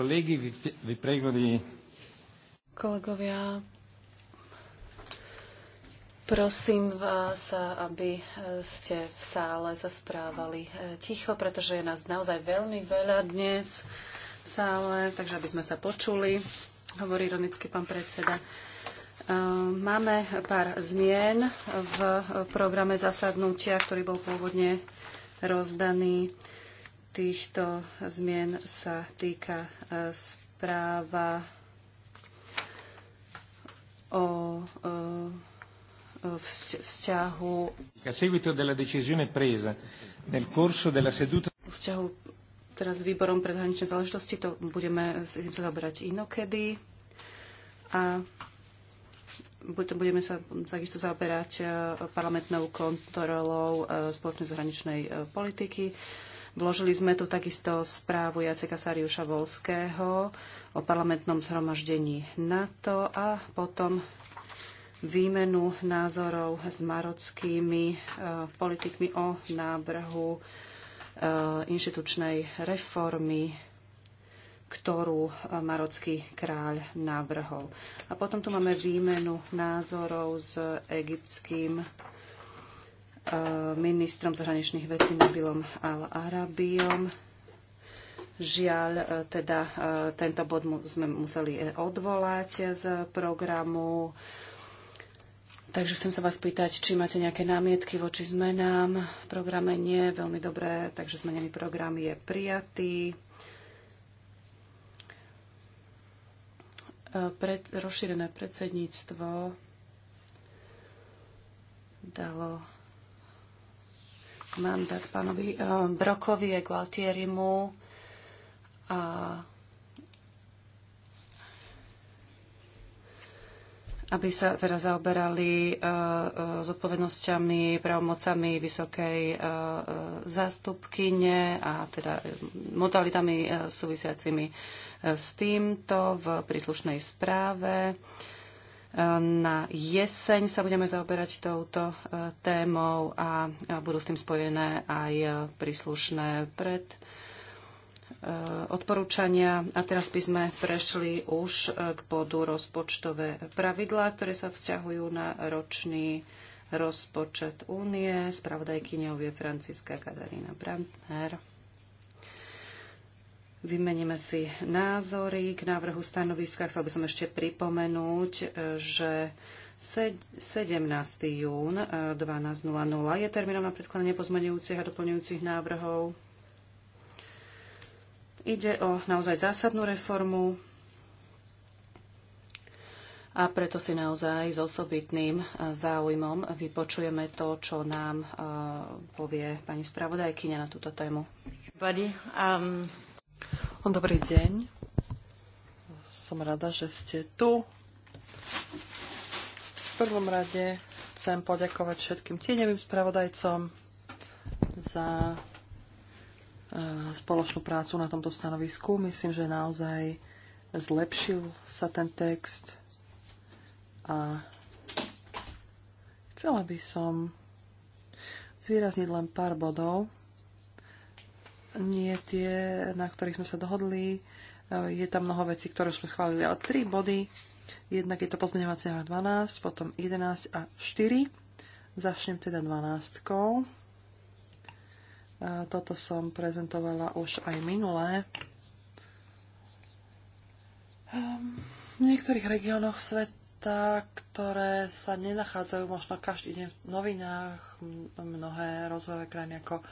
Colleghi, vi, vi prego di... Kolegovia, prosím vás, aby eh, ste v sále zasprávali eh, ticho, pretože je nás naozaj veľmi veľa dnes v sále, takže aby sme sa počuli, hovorí ironicky pán predseda. Eh, máme pár zmien v programe zasadnutia, ktorý bol pôvodne rozdaný týchto zmien sa týka e, správa o e, vzťahu a seguito della decisione presa nel corso della seduta vzťahu teraz s výborom pre zahraničné záležitosti to budeme sa zaoberať inokedy a budeme sa takisto zaoberať e, parlamentnou kontrolou spoločnej zahraničnej politiky Vložili sme tu takisto správu Jaceka Sariuša Volského o parlamentnom zhromaždení NATO a potom výmenu názorov s marockými e, politikmi o návrhu e, inštitučnej reformy ktorú e, marocký kráľ nábrhol. A potom tu máme výmenu názorov s egyptským ministrom zahraničných vecí Nabilom Al-Arabiom. Žiaľ, e, teda e, tento bod sme museli e, odvolať z programu. Takže chcem sa vás pýtať, či máte nejaké námietky voči zmenám. V programe nie, veľmi dobré, takže zmenený program je prijatý. Pred, rozšírené predsedníctvo dalo mandát pánovi eh, Brokovi a Gualtierimu a aby sa teda zaoberali s eh, eh, odpovednosťami, pravomocami vysokej zástupkyne a teda modalitami súvisiacimi s týmto v príslušnej správe. Na jeseň sa budeme zaoberať touto e, témou a budú s tým spojené aj e, príslušné pred e, odporúčania. A teraz by sme prešli už k bodu rozpočtové pravidlá, ktoré sa vzťahujú na ročný rozpočet únie. Spravodajkyňou je Franciska Katarína Brandner. Vymeníme si názory k návrhu stanoviska. Chcel by som ešte pripomenúť, e, že 17. jún 12.00 e, je termínom na predkladanie pozmenujúcich a doplňujúcich návrhov. Ide o naozaj zásadnú reformu a preto si naozaj s osobitným e, záujmom vypočujeme to, čo nám povie pani spravodajkyňa na túto tému. Buddy, um... Dobrý deň. Som rada, že ste tu. V prvom rade chcem poďakovať všetkým tieňovým spravodajcom za e, spoločnú prácu na tomto stanovisku. Myslím, že naozaj zlepšil sa ten text a chcela by som zvýrazniť len pár bodov, nie tie, na ktorých sme sa dohodli. E, je tam mnoho vecí, ktoré už sme schválili, ale tri body. Jednak je to pozmeňovací návrh 12, potom 11 a 4. Začnem teda 12. E, toto som prezentovala už aj minulé. Ehm, v niektorých regiónoch svet dáta, ktoré sa nenachádzajú možno každý deň v novinách. Mnohé rozvojové krajiny ako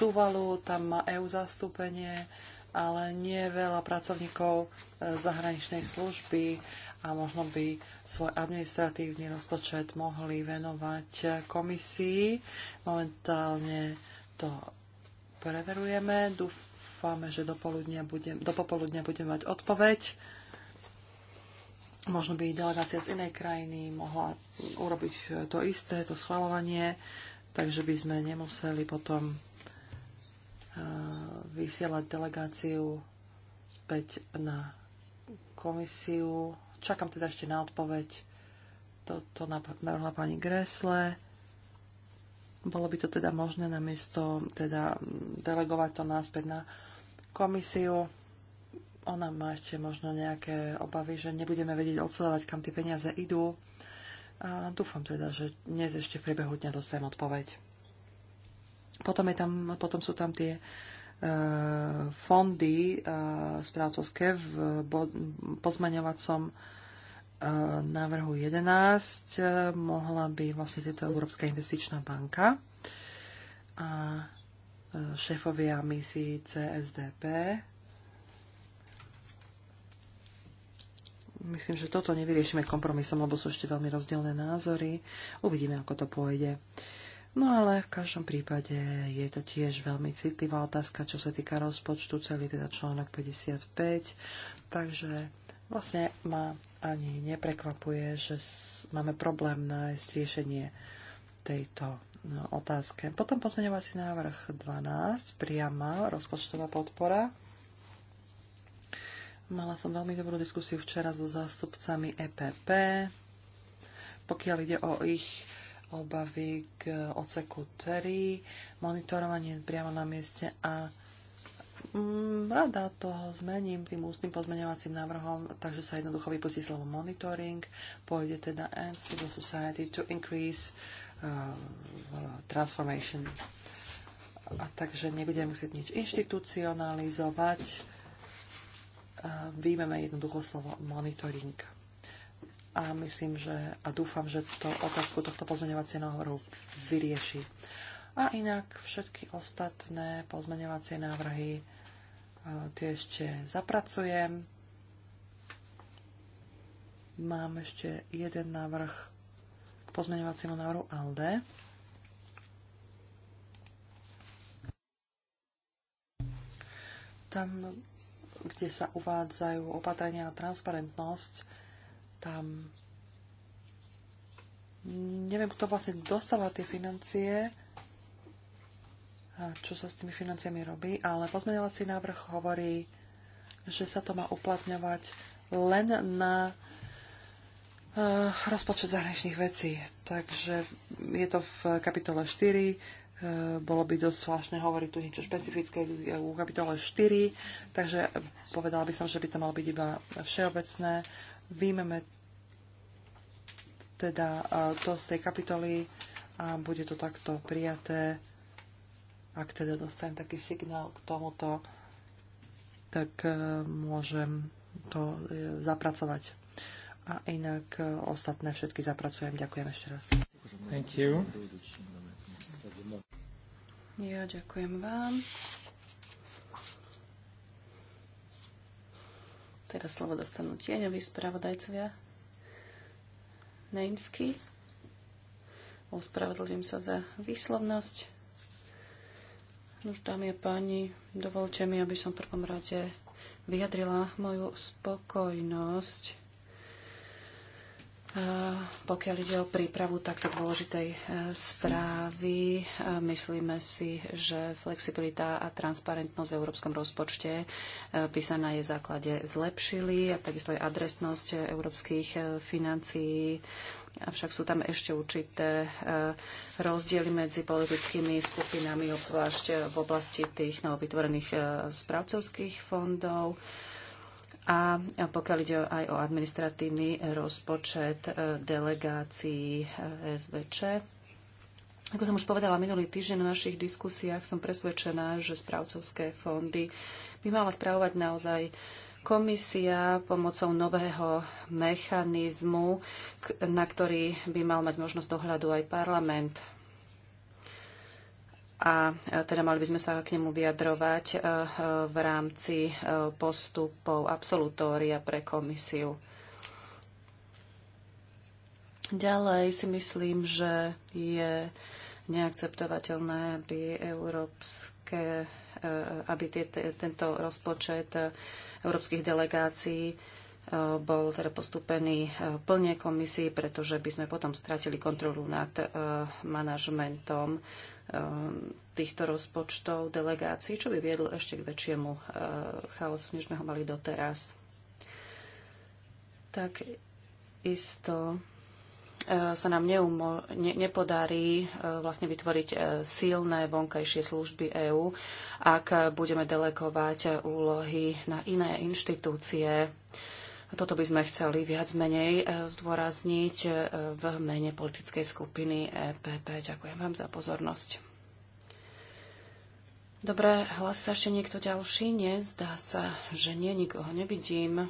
Tuvalu, tam má EU zastúpenie, ale nie veľa pracovníkov e, zahraničnej služby a možno by svoj administratívny rozpočet mohli venovať komisii. Momentálne to preverujeme. Dúfame, že do, budem, do popoludnia budeme mať odpoveď Možno by delegácia z inej krajiny mohla urobiť to isté, to schvalovanie, takže by sme nemuseli potom e, vysielať delegáciu späť na komisiu. Čakám teda ešte na odpoveď. Toto navrhla pani Gresle. Bolo by to teda možné namiesto teda delegovať to náspäť na komisiu ona ešte možno nejaké obavy, že nebudeme vedieť odsledovať, kam tie peniaze idú. A dúfam teda, že dnes ešte v priebehu dňa dostanem odpoveď. Potom, je tam, potom sú tam tie e, fondy e, správcovské v bo, pozmaňovacom e, návrhu 11 e, mohla by vlastne tieto Európska investičná banka a e, šéfovia misií CSDP Myslím, že toto nevyriešime kompromisom, lebo sú ešte veľmi rozdielne názory. Uvidíme, ako to pôjde. No ale v každom prípade je to tiež veľmi citlivá otázka, čo sa týka rozpočtu, celý teda článok 55. Takže vlastne ma ani neprekvapuje, že máme problém nájsť riešenie tejto no, otázke. Potom pozmeňovací návrh 12, priama rozpočtová podpora. Mala som veľmi dobrú diskusiu včera so zástupcami EPP, pokiaľ ide o ich obavy k oceku Terry, monitorovanie priamo na mieste a mm, rada toho zmením tým ústnym pozmeňovacím návrhom, takže sa jednoducho vypustí slovo monitoring, pôjde teda and civil society to increase uh, transformation. A takže nebudem musieť nič inštitucionalizovať vyjmeme jednoducho slovo monitoring. A myslím, že a dúfam, že to otázku tohto pozmeňovacieho návrhu vyrieši. A inak všetky ostatné pozmeňovacie návrhy e, tie ešte zapracujem. Mám ešte jeden návrh k pozmeňovaciemu návrhu ALDE. Tam kde sa uvádzajú opatrenia na transparentnosť, tam neviem, kto vlastne dostáva tie financie a čo sa s tými financiami robí, ale pozmeňovací návrh hovorí, že sa to má uplatňovať len na eh, rozpočet zahraničných vecí. Takže je to v kapitole 4 Eh, bolo by dosť zvláštne hovoriť tu niečo špecifické u kapitole 4, takže povedala by som, že by to malo byť iba všeobecné. Výjmeme teda eh, to z tej kapitoly a bude to takto prijaté. Ak teda dostanem taký signál k tomuto, tak eh, môžem to zapracovať. A inak ostatné všetky zapracujem. Ďakujem ešte raz. Thank you. Ja ďakujem vám. Teraz slovo dostanú tieňoví spravodajcovia. Nejmsky. Ospravedlňujem sa za výslovnosť. Už dámy a páni, dovolte mi, aby som v prvom rade vyjadrila moju spokojnosť Eh, pokiaľ ide o prípravu takto dôležitej eh, správy, eh, myslíme si, že flexibilita a transparentnosť v európskom rozpočte by sa na jej základe zlepšili a takisto aj adresnosť európskych financií. Avšak sú tam ešte určité rozdiely medzi politickými skupinami, obzvlášť v oblasti tých novovytvorených správcovských fondov a pokiaľ ide aj o administratívny rozpočet e, delegácií e, SVČ, ako som už povedala minulý týždeň na našich diskusiách, som presvedčená, že správcovské fondy by mala správovať naozaj komisia pomocou nového mechanizmu, na ktorý by mal mať možnosť dohľadu aj parlament a e, teda mali by sme sa k nemu vyjadrovať e, e, v rámci postupov absolutória pre komisiu. Ďalej si myslím, že je neakceptovateľné, aby európske, aby tento rozpočet európskych delegácií bol teda postupený e, plne komisii, pretože by sme potom stratili kontrolu nad e, manažmentom e, týchto rozpočtov delegácií, čo by viedlo ešte k väčšiemu chaosu, než sme ho mali doteraz. Tak isto sa nám neumo- ne- nepodarí vlastne vytvoriť silné vonkajšie služby EÚ, ak budeme delegovať úlohy na iné inštitúcie toto by sme chceli viac menej e, zdôrazniť e, v mene politickej skupiny EPP. Ďakujem vám za pozornosť. Dobre, hlas sa ešte niekto ďalší? Nie, zdá sa, že nie, nikoho nevidím.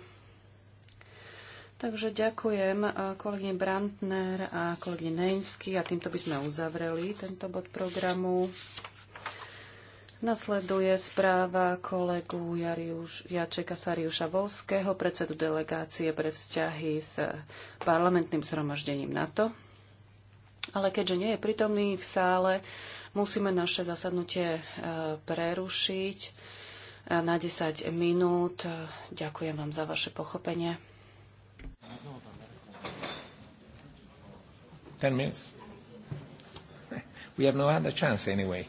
Takže ďakujem e, kolegyne Brandner a kolegyne Nejnsky a týmto by sme uzavreli tento bod programu. Nasleduje správa kolegu Jariuš, Jačeka Sariuša Volského, predsedu delegácie pre vzťahy s parlamentným zhromaždením NATO. Ale keďže nie je prítomný v sále, musíme naše zasadnutie e, prerušiť e, na 10 minút. E, ďakujem vám za vaše pochopenie. Ten minút. We have no other chance anyway.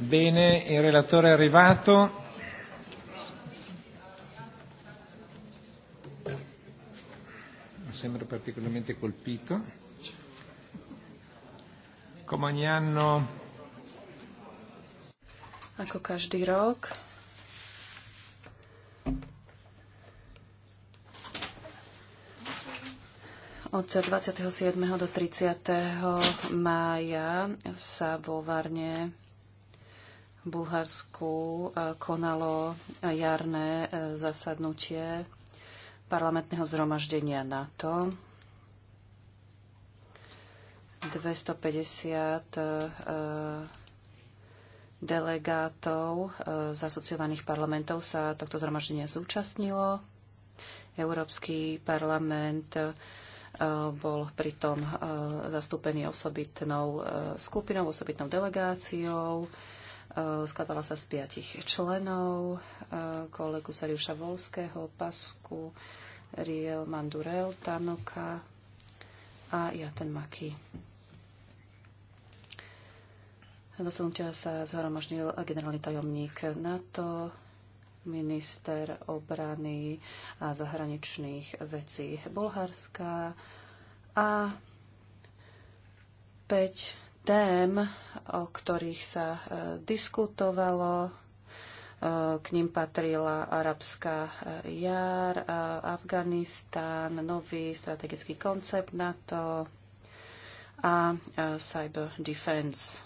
Bene, il relatore è arrivato. Non sembra particolarmente colpito. Come ogni anno... Ako každý rok Od 27. do 30. mája sa vo Varne Bulharsku e, konalo jarné e, zasadnutie parlamentného zhromaždenia NATO. 250 e, delegátov z asociovaných parlamentov sa tohto zhromaždenia zúčastnilo. Európsky parlament bol pritom zastúpený osobitnou skupinou, osobitnou delegáciou. Eh, skladala sa z piatich členov, eh, kolegu Sariuša Volského, Pasku, Riel Mandurel, Tanoka a ja ten Maki. Zasadnutia sa zhromaždil generálny tajomník NATO, minister obrany a zahraničných vecí Bulharska a 5 tém, o ktorých sa e, diskutovalo. E, k ním patrila arabská e, jar, Afganistán, nový strategický koncept NATO a cyber defense.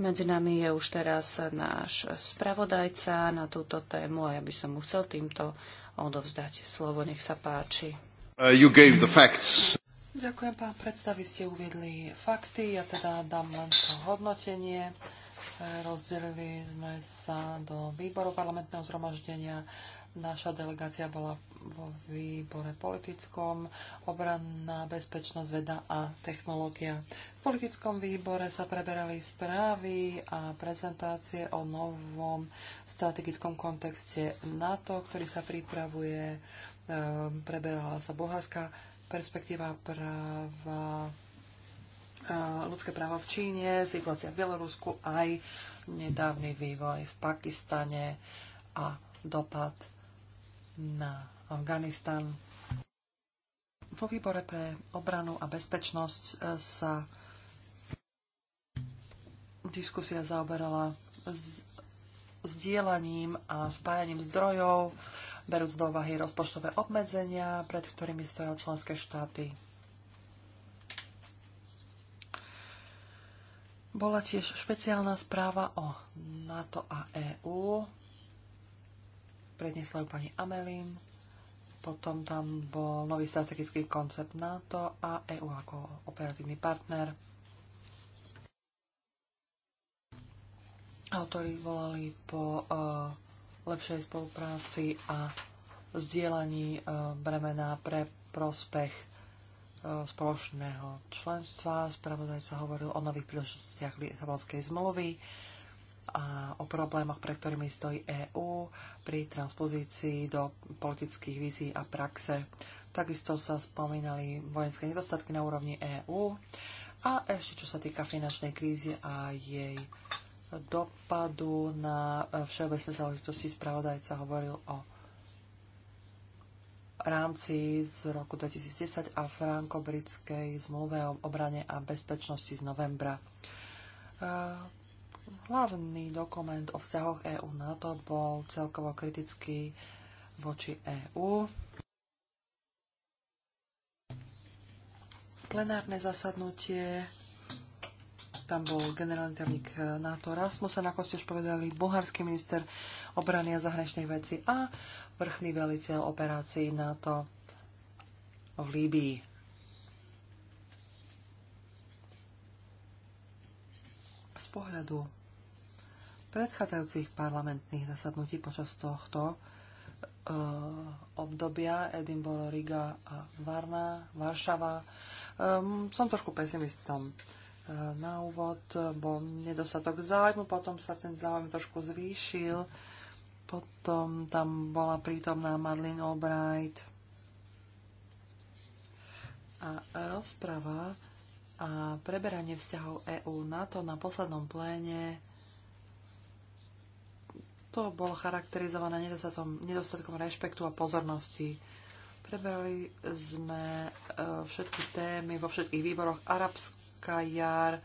Medzi nami je už teraz náš spravodajca na túto tému a ja by som mu chcel týmto odovzdať slovo. Nech sa páči. Uh, you gave the facts. Ďakujem, pán predstavy, ste uviedli fakty, ja teda dám len to hodnotenie. E, rozdelili sme sa do výboru parlamentného zhromaždenia. Naša delegácia bola vo výbore politickom, obranná bezpečnosť, veda a technológia. V politickom výbore sa preberali správy a prezentácie o novom strategickom kontexte NATO, ktorý sa pripravuje Ehm, preberala sa bohárska perspektíva práva, eh, ľudské práva v Číne, situácia v Bielorusku, aj nedávny vývoj v Pakistane a dopad na Afganistan. Vo výbore pre obranu a bezpečnosť eh, sa diskusia zaoberala s, sdielaním a spájaním zdrojov berúc do úvahy rozpočtové obmedzenia, pred ktorými stojí členské štáty. Bola tiež špeciálna správa o NATO a EÚ. Predniesla ju pani Amelin. Potom tam bol nový strategický koncept NATO a EÚ ako operatívny partner. Autori volali po uh, lepšej spolupráci a vzdielaní e, bremena pre prospech e, spoločného členstva. Spravodaj sa hovoril o nových príležitostiach Lisabonskej zmluvy a o problémoch, pre ktorými stojí EÚ pri transpozícii do politických vízí a praxe. Takisto sa spomínali vojenské nedostatky na úrovni EÚ a ešte čo sa týka finančnej krízy a jej dopadu na eh, všeobecné záležitosti spravodajca hovoril o rámci z roku 2010 a franko-britskej zmluve o obrane a bezpečnosti z novembra. Eh, hlavný dokument o vzťahoch EÚ NATO bol celkovo kritický voči EÚ. Plenárne zasadnutie tam bol generálny tajomník eh, NATO Rasmussen, ako ste už povedali, bulharský minister obrany a zahraničných vecí a vrchný veliteľ operácií NATO v Líbii. Z pohľadu predchádzajúcich parlamentných zasadnutí počas tohto eh, obdobia Edinburgh, Riga a Varna, Varšava. e, som trošku pesimistom na úvod bol nedostatok záujmu, potom sa ten záujem trošku zvýšil, potom tam bola prítomná Madeline Albright a rozprava a preberanie vzťahov EÚ na to na poslednom pléne to bolo charakterizované nedostatkom, nedostatkom rešpektu a pozornosti. Preberali sme e, všetky témy vo všetkých výboroch arabských Arabská jar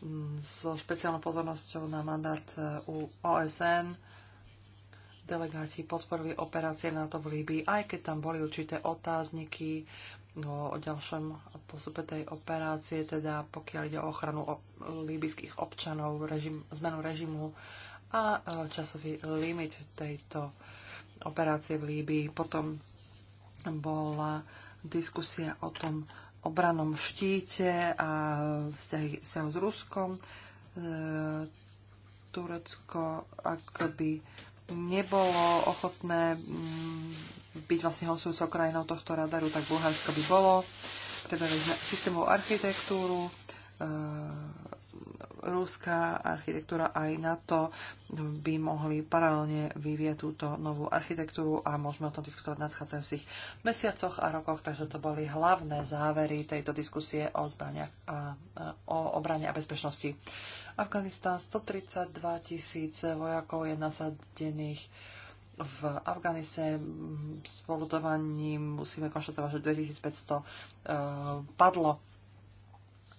mm, so špeciálnou pozornosťou na mandát e, u OSN. Delegáti podporili operácie NATO v Líbii, aj keď tam boli určité otázniky no, o ďalšom postupe tej operácie, teda pokiaľ ide o ochranu líbyských občanov, režim, zmenu režimu a e, časový limit tejto operácie v Líbii. Potom bola diskusia o tom, obranom štíte a vzťahy s Ruskom. E, Turecko akoby nebolo ochotné mm, byť vlastne hostujúcou krajinou tohto radaru, tak Bulharsko by bolo. Preberali sme systémovú architektúru, e, ruská architektúra aj NATO by mohli paralelne vyvieť túto novú architektúru a môžeme o tom diskutovať v nadchádzajúcich mesiacoch a rokoch. Takže to boli hlavné závery tejto diskusie o, zbraniach a, e, o obrane a bezpečnosti. Afganistán 132 tisíc vojakov je nasadených v Afganise s polutovaním musíme konštatovať, že 2500 uh, e, padlo.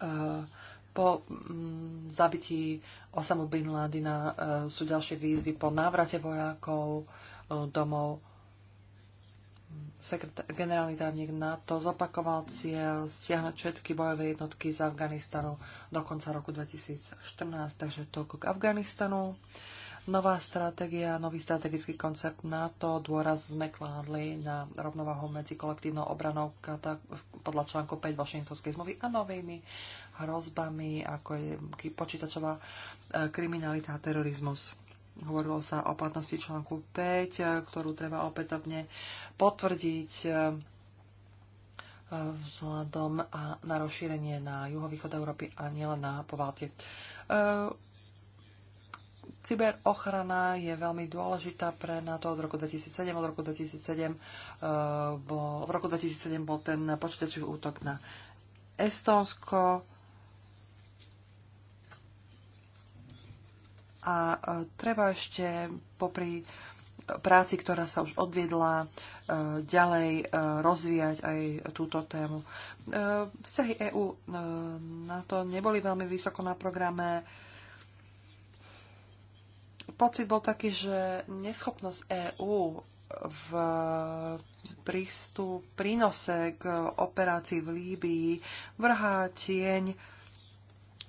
Uh, po mm, zabití Osamu Bin Ladina e, sú ďalšie výzvy po návrate vojakov e, domov. Sekretár, generálny tajomník NATO zopakoval cieľ stiahnuť všetky bojové jednotky z Afganistanu do konca roku 2014, takže toľko k Afganistanu. Nová stratégia, nový strategický koncept NATO, dôraz sme kládli na rovnováhu medzi kolektívnou obranou podľa článku 5 Washingtonskej zmluvy a novými hrozbami, ako je počítačová e, kriminalita a terorizmus. Hovorilo sa o platnosti článku 5, e, ktorú treba opätovne potvrdiť e, vzhľadom a na rozšírenie na juhovýchod Európy a nielen na povalte. Cyberochrana je veľmi dôležitá pre NATO od roku 2007. Od roku 2007 bol, v roku 2007 bol ten počítačový útok na Estonsko. a e, treba ešte popri práci, ktorá sa už odviedla, e, ďalej e, rozvíjať aj túto tému. Vzťahy EÚ na to neboli veľmi vysoko na programe. Pocit bol taký, že neschopnosť EÚ v prístup, prínose k operácii v Líbii vrhá tieň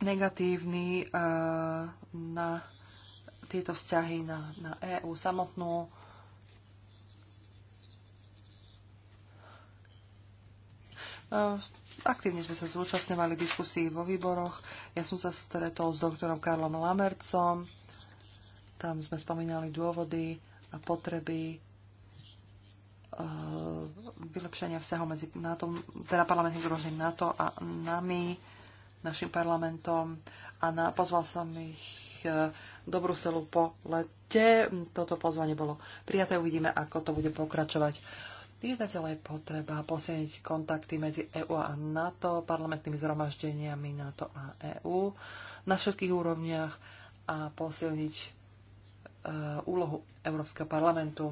negatívny na tieto vzťahy na, na EÚ samotnú. E, aktívne sme sa zúčastňovali diskusí vo výboroch. Ja som sa stretol s doktorom Karlom Lamercom. Tam sme spomínali dôvody a potreby e, vylepšenia vzťahov medzi NATO, teda parlamentným zhromaždením NATO a nami, našim parlamentom. A na, pozval som ich e, do Bruselu po lete. Toto pozvanie bolo prijaté, uvidíme, ako to bude pokračovať. Je naďalej potreba posilniť kontakty medzi EU a NATO, parlamentnými zhromaždeniami NATO a EÚ na všetkých úrovniach a posilniť e, úlohu Európskeho parlamentu.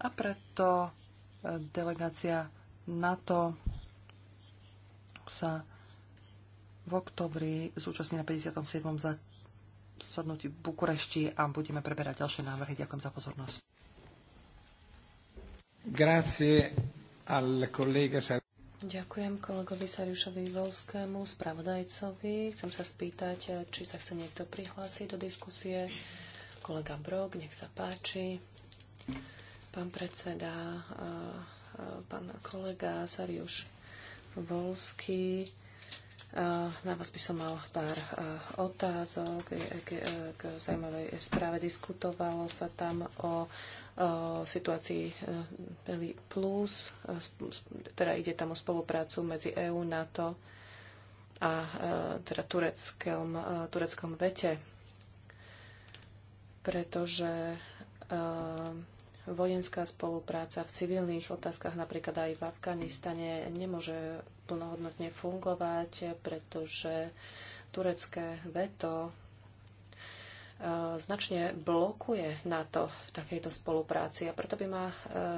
A preto e, delegácia NATO sa v oktobri zúčastní na 57 sadnutí v Bukurešti a budeme preberať ďalšie návrhy. Ďakujem za pozornosť. Grazie al Ďakujem kolegovi Sariušovi Volskému, spravodajcovi. Chcem sa spýtať, či sa chce niekto prihlásiť do diskusie. Kolega Brok, nech sa páči. Pán predseda, eh, eh, pán kolega Sariuš Volský Eh, na vás by som mal pár eh, otázok k, k zaujímavej správe. Diskutovalo sa tam o, o eh, situácii Beli Plus, teda ide tam o spoluprácu medzi EÚ, NATO a teda tureckom, tureckom vete, pretože vojenská spolupráca v civilných otázkach, napríklad aj v Afganistane, nemôže plnohodnotne fungovať, pretože turecké veto e, značne blokuje na to v takejto spolupráci. A preto by ma e,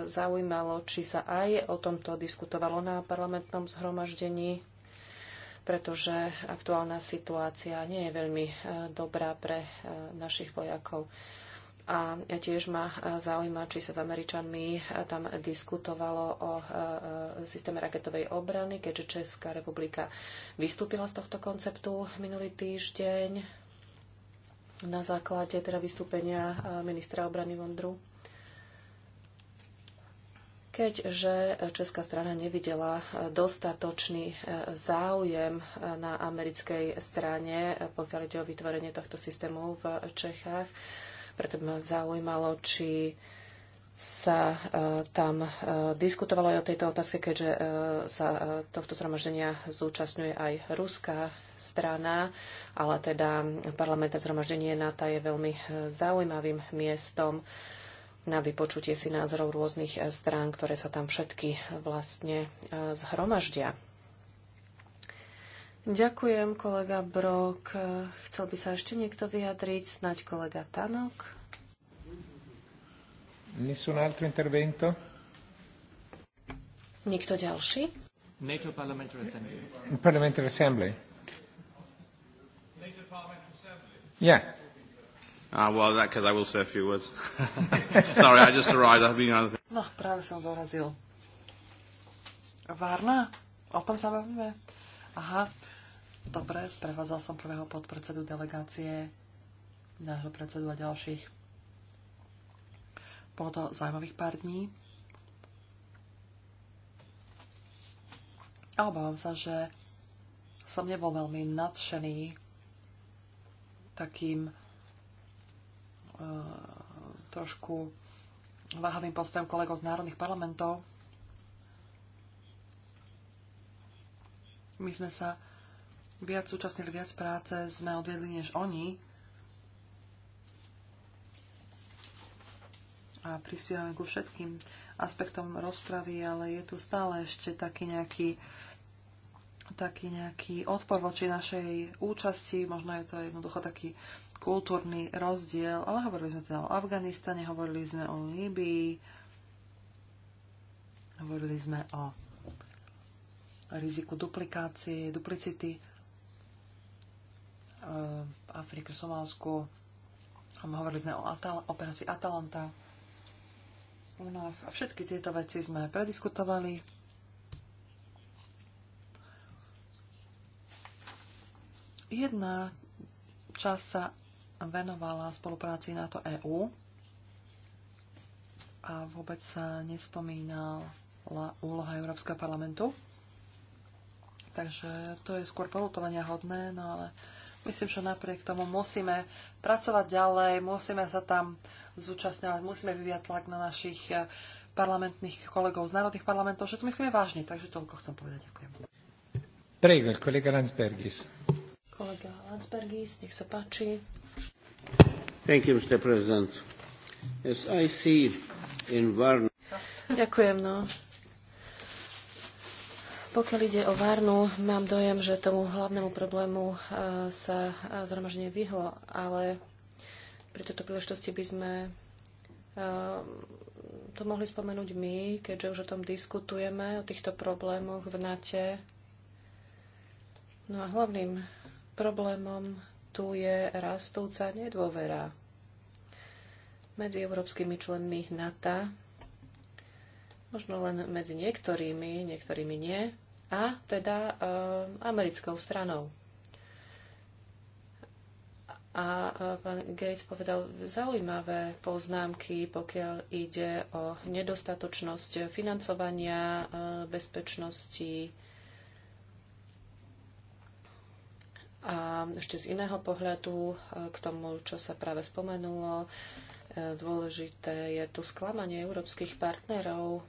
zaujímalo, či sa aj o tomto diskutovalo na parlamentnom zhromaždení, pretože aktuálna situácia nie je veľmi e, dobrá pre našich vojakov. A tiež ma e, zaujíma, či sa s Američanmi e, tam diskutovalo o e, systéme raketovej obrany, keďže Česká republika vystúpila z tohto konceptu minulý týždeň na základe teda vystúpenia ministra obrany Vondru. Keďže česká strana nevidela dostatočný záujem na americkej strane, pokiaľ ide o vytvorenie tohto systému v Čechách, preto by ma zaujímalo, či sa e, tam e, diskutovalo aj o tejto otázke, keďže e, sa tohto zhromaždenia zúčastňuje aj ruská strana, ale teda parlamentné zhromaždenie NATO je veľmi zaujímavým miestom na vypočutie si názorov rôznych strán, ktoré sa tam všetky vlastne zhromaždia. Ďakujem, kolega Brok. Chcel by sa ešte niekto vyjadriť? Snaď kolega Tanok. Nessun altro intervento? Nikto ďalší? NATO Parliamentary Assembly. Parliamentary Assembly. NATO Parliamentary Assembly. Yeah. Ah, uh, well, that because I will say a few words. Sorry, I just arrived. I've been another thing. No, práve som dorazil. Várna? O tom sa bavíme. Aha, dobre, sprevádzal som prvého podpredsedu delegácie, nášho predsedu a ďalších. Bolo to zaujímavých pár dní. A obávam sa, že som nebol veľmi nadšený takým eh, trošku váhavým postojom kolegov z národných parlamentov. My sme sa viac súčasnili, viac práce sme odviedli než oni. A prispievame ku všetkým aspektom rozpravy, ale je tu stále ešte taký nejaký taký nejaký odpor voči našej účasti, možno je to jednoducho taký kultúrny rozdiel, ale hovorili sme teda o Afganistane, hovorili sme o Líbii, hovorili sme o riziku duplikácie, duplicity eh, v Afrike, v Somálsku. Hovorili sme o Atal- operácii Atalanta. No a všetky tieto veci sme prediskutovali. Jedna časť sa venovala spolupráci NATO-EU a vôbec sa nespomínala úloha Európskeho parlamentu. Takže to je skôr polutovania hodné, no ale myslím, že napriek tomu musíme pracovať ďalej, musíme sa tam zúčastňovať, musíme vyviať tlak na našich eh, parlamentných kolegov z národných parlamentov, že to myslíme vážne, takže toľko chcem povedať. Ďakujem. Prego, kolega Landsbergis. Kolega Landsbergis, nech sa páči. Thank you, Mr. President. Yes, I see in environment. Ďakujem, no pokiaľ ide o Varnu, mám dojem, že tomu hlavnému problému e, sa e, zhromaždenie vyhlo, ale pri tejto príležitosti by sme e, to mohli spomenúť my, keďže už o tom diskutujeme, o týchto problémoch v NATE. No a hlavným problémom tu je rastúca nedôvera medzi európskymi členmi NATO možno len medzi niektorými, niektorými nie, a teda e, americkou stranou. A eh, pán Gates povedal zaujímavé poznámky, pokiaľ ide o nedostatočnosť financovania eh, bezpečnosti a ešte z iného pohľadu k tomu, čo sa práve spomenulo. Dôležité je tu sklamanie európskych partnerov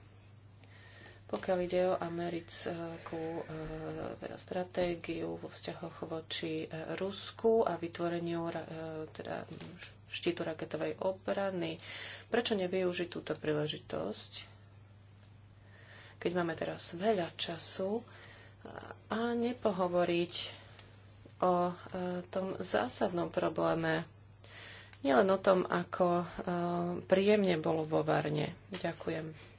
pokiaľ ide o americkú eh, teda stratégiu vo vzťahoch voči eh, Rusku a vytvoreniu eh, teda, štítu raketovej obrany, prečo nevyužiť túto príležitosť, keď máme teraz veľa času a nepohovoriť o tom zásadnom probléme, nielen o tom, ako príjemne bolo vo Varne. Ďakujem.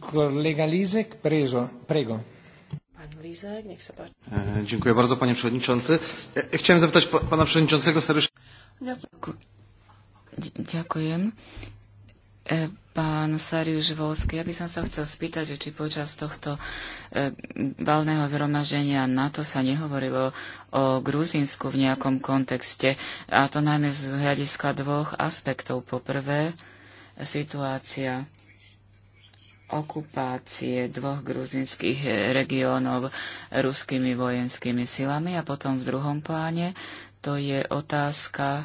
Kolega Lizek, prego. Pan Lizek, niech e, dziękuję bardzo, panie przewodniczący. E, chciałem zapytać pana przewodniczącego Sarysza. Dziękuję. E, Pán Sariuš Volsky, ja by som sa chcel spýtať, či počas tohto valného zhromaženia NATO sa nehovorilo o Gruzínsku v nejakom kontexte, a to najmä z hľadiska dvoch aspektov. Po prvé, situácia okupácie dvoch gruzinských regiónov ruskými vojenskými silami a potom v druhom pláne to je otázka e,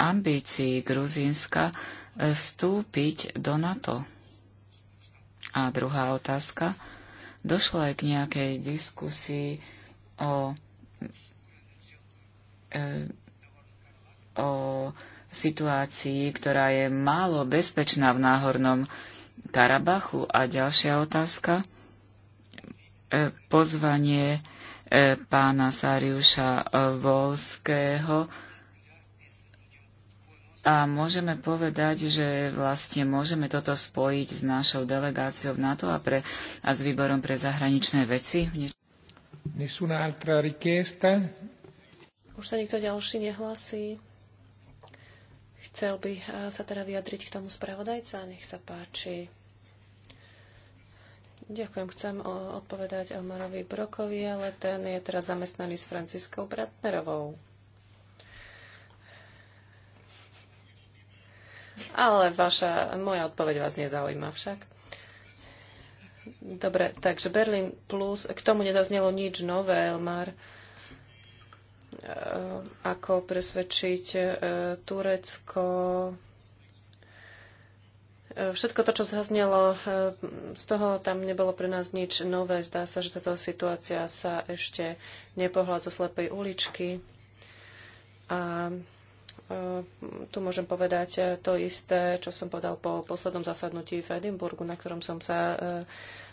ambícií Gruzínska e, vstúpiť do NATO. A druhá otázka. Došlo aj k nejakej diskusii o, e, o situácii, ktorá je málo bezpečná v Náhornom Karabachu. A ďalšia otázka. E, pozvanie e, pána Sáriuša e, Volského. A môžeme povedať, že vlastne môžeme toto spojiť s našou delegáciou v NATO a, pre, a s výborom pre zahraničné veci. altra richiesta? Už sa nikto ďalší nehlasí. Chcel by eh, sa teda vyjadriť k tomu spravodajca, nech sa páči. Ďakujem, chcem eh, odpovedať Elmarovi Brokovi, ale ten je teraz zamestnaný s Franciskou Bratnerovou. Ale vaša, moja odpoveď vás nezaujíma však. Dobre, takže Berlin Plus, k tomu nezaznelo nič nové, Elmar. Uh, Eh, ako presvedčiť eh, Turecko. Eh, všetko to, čo zaznelo, z toho tam nebolo pre nás nič nové. Zdá sa, že táto situácia sa ešte nepohla zo slepej uličky. A tu môžem povedať to isté, čo som povedal po poslednom zasadnutí v Edimburgu, na ktorom som sa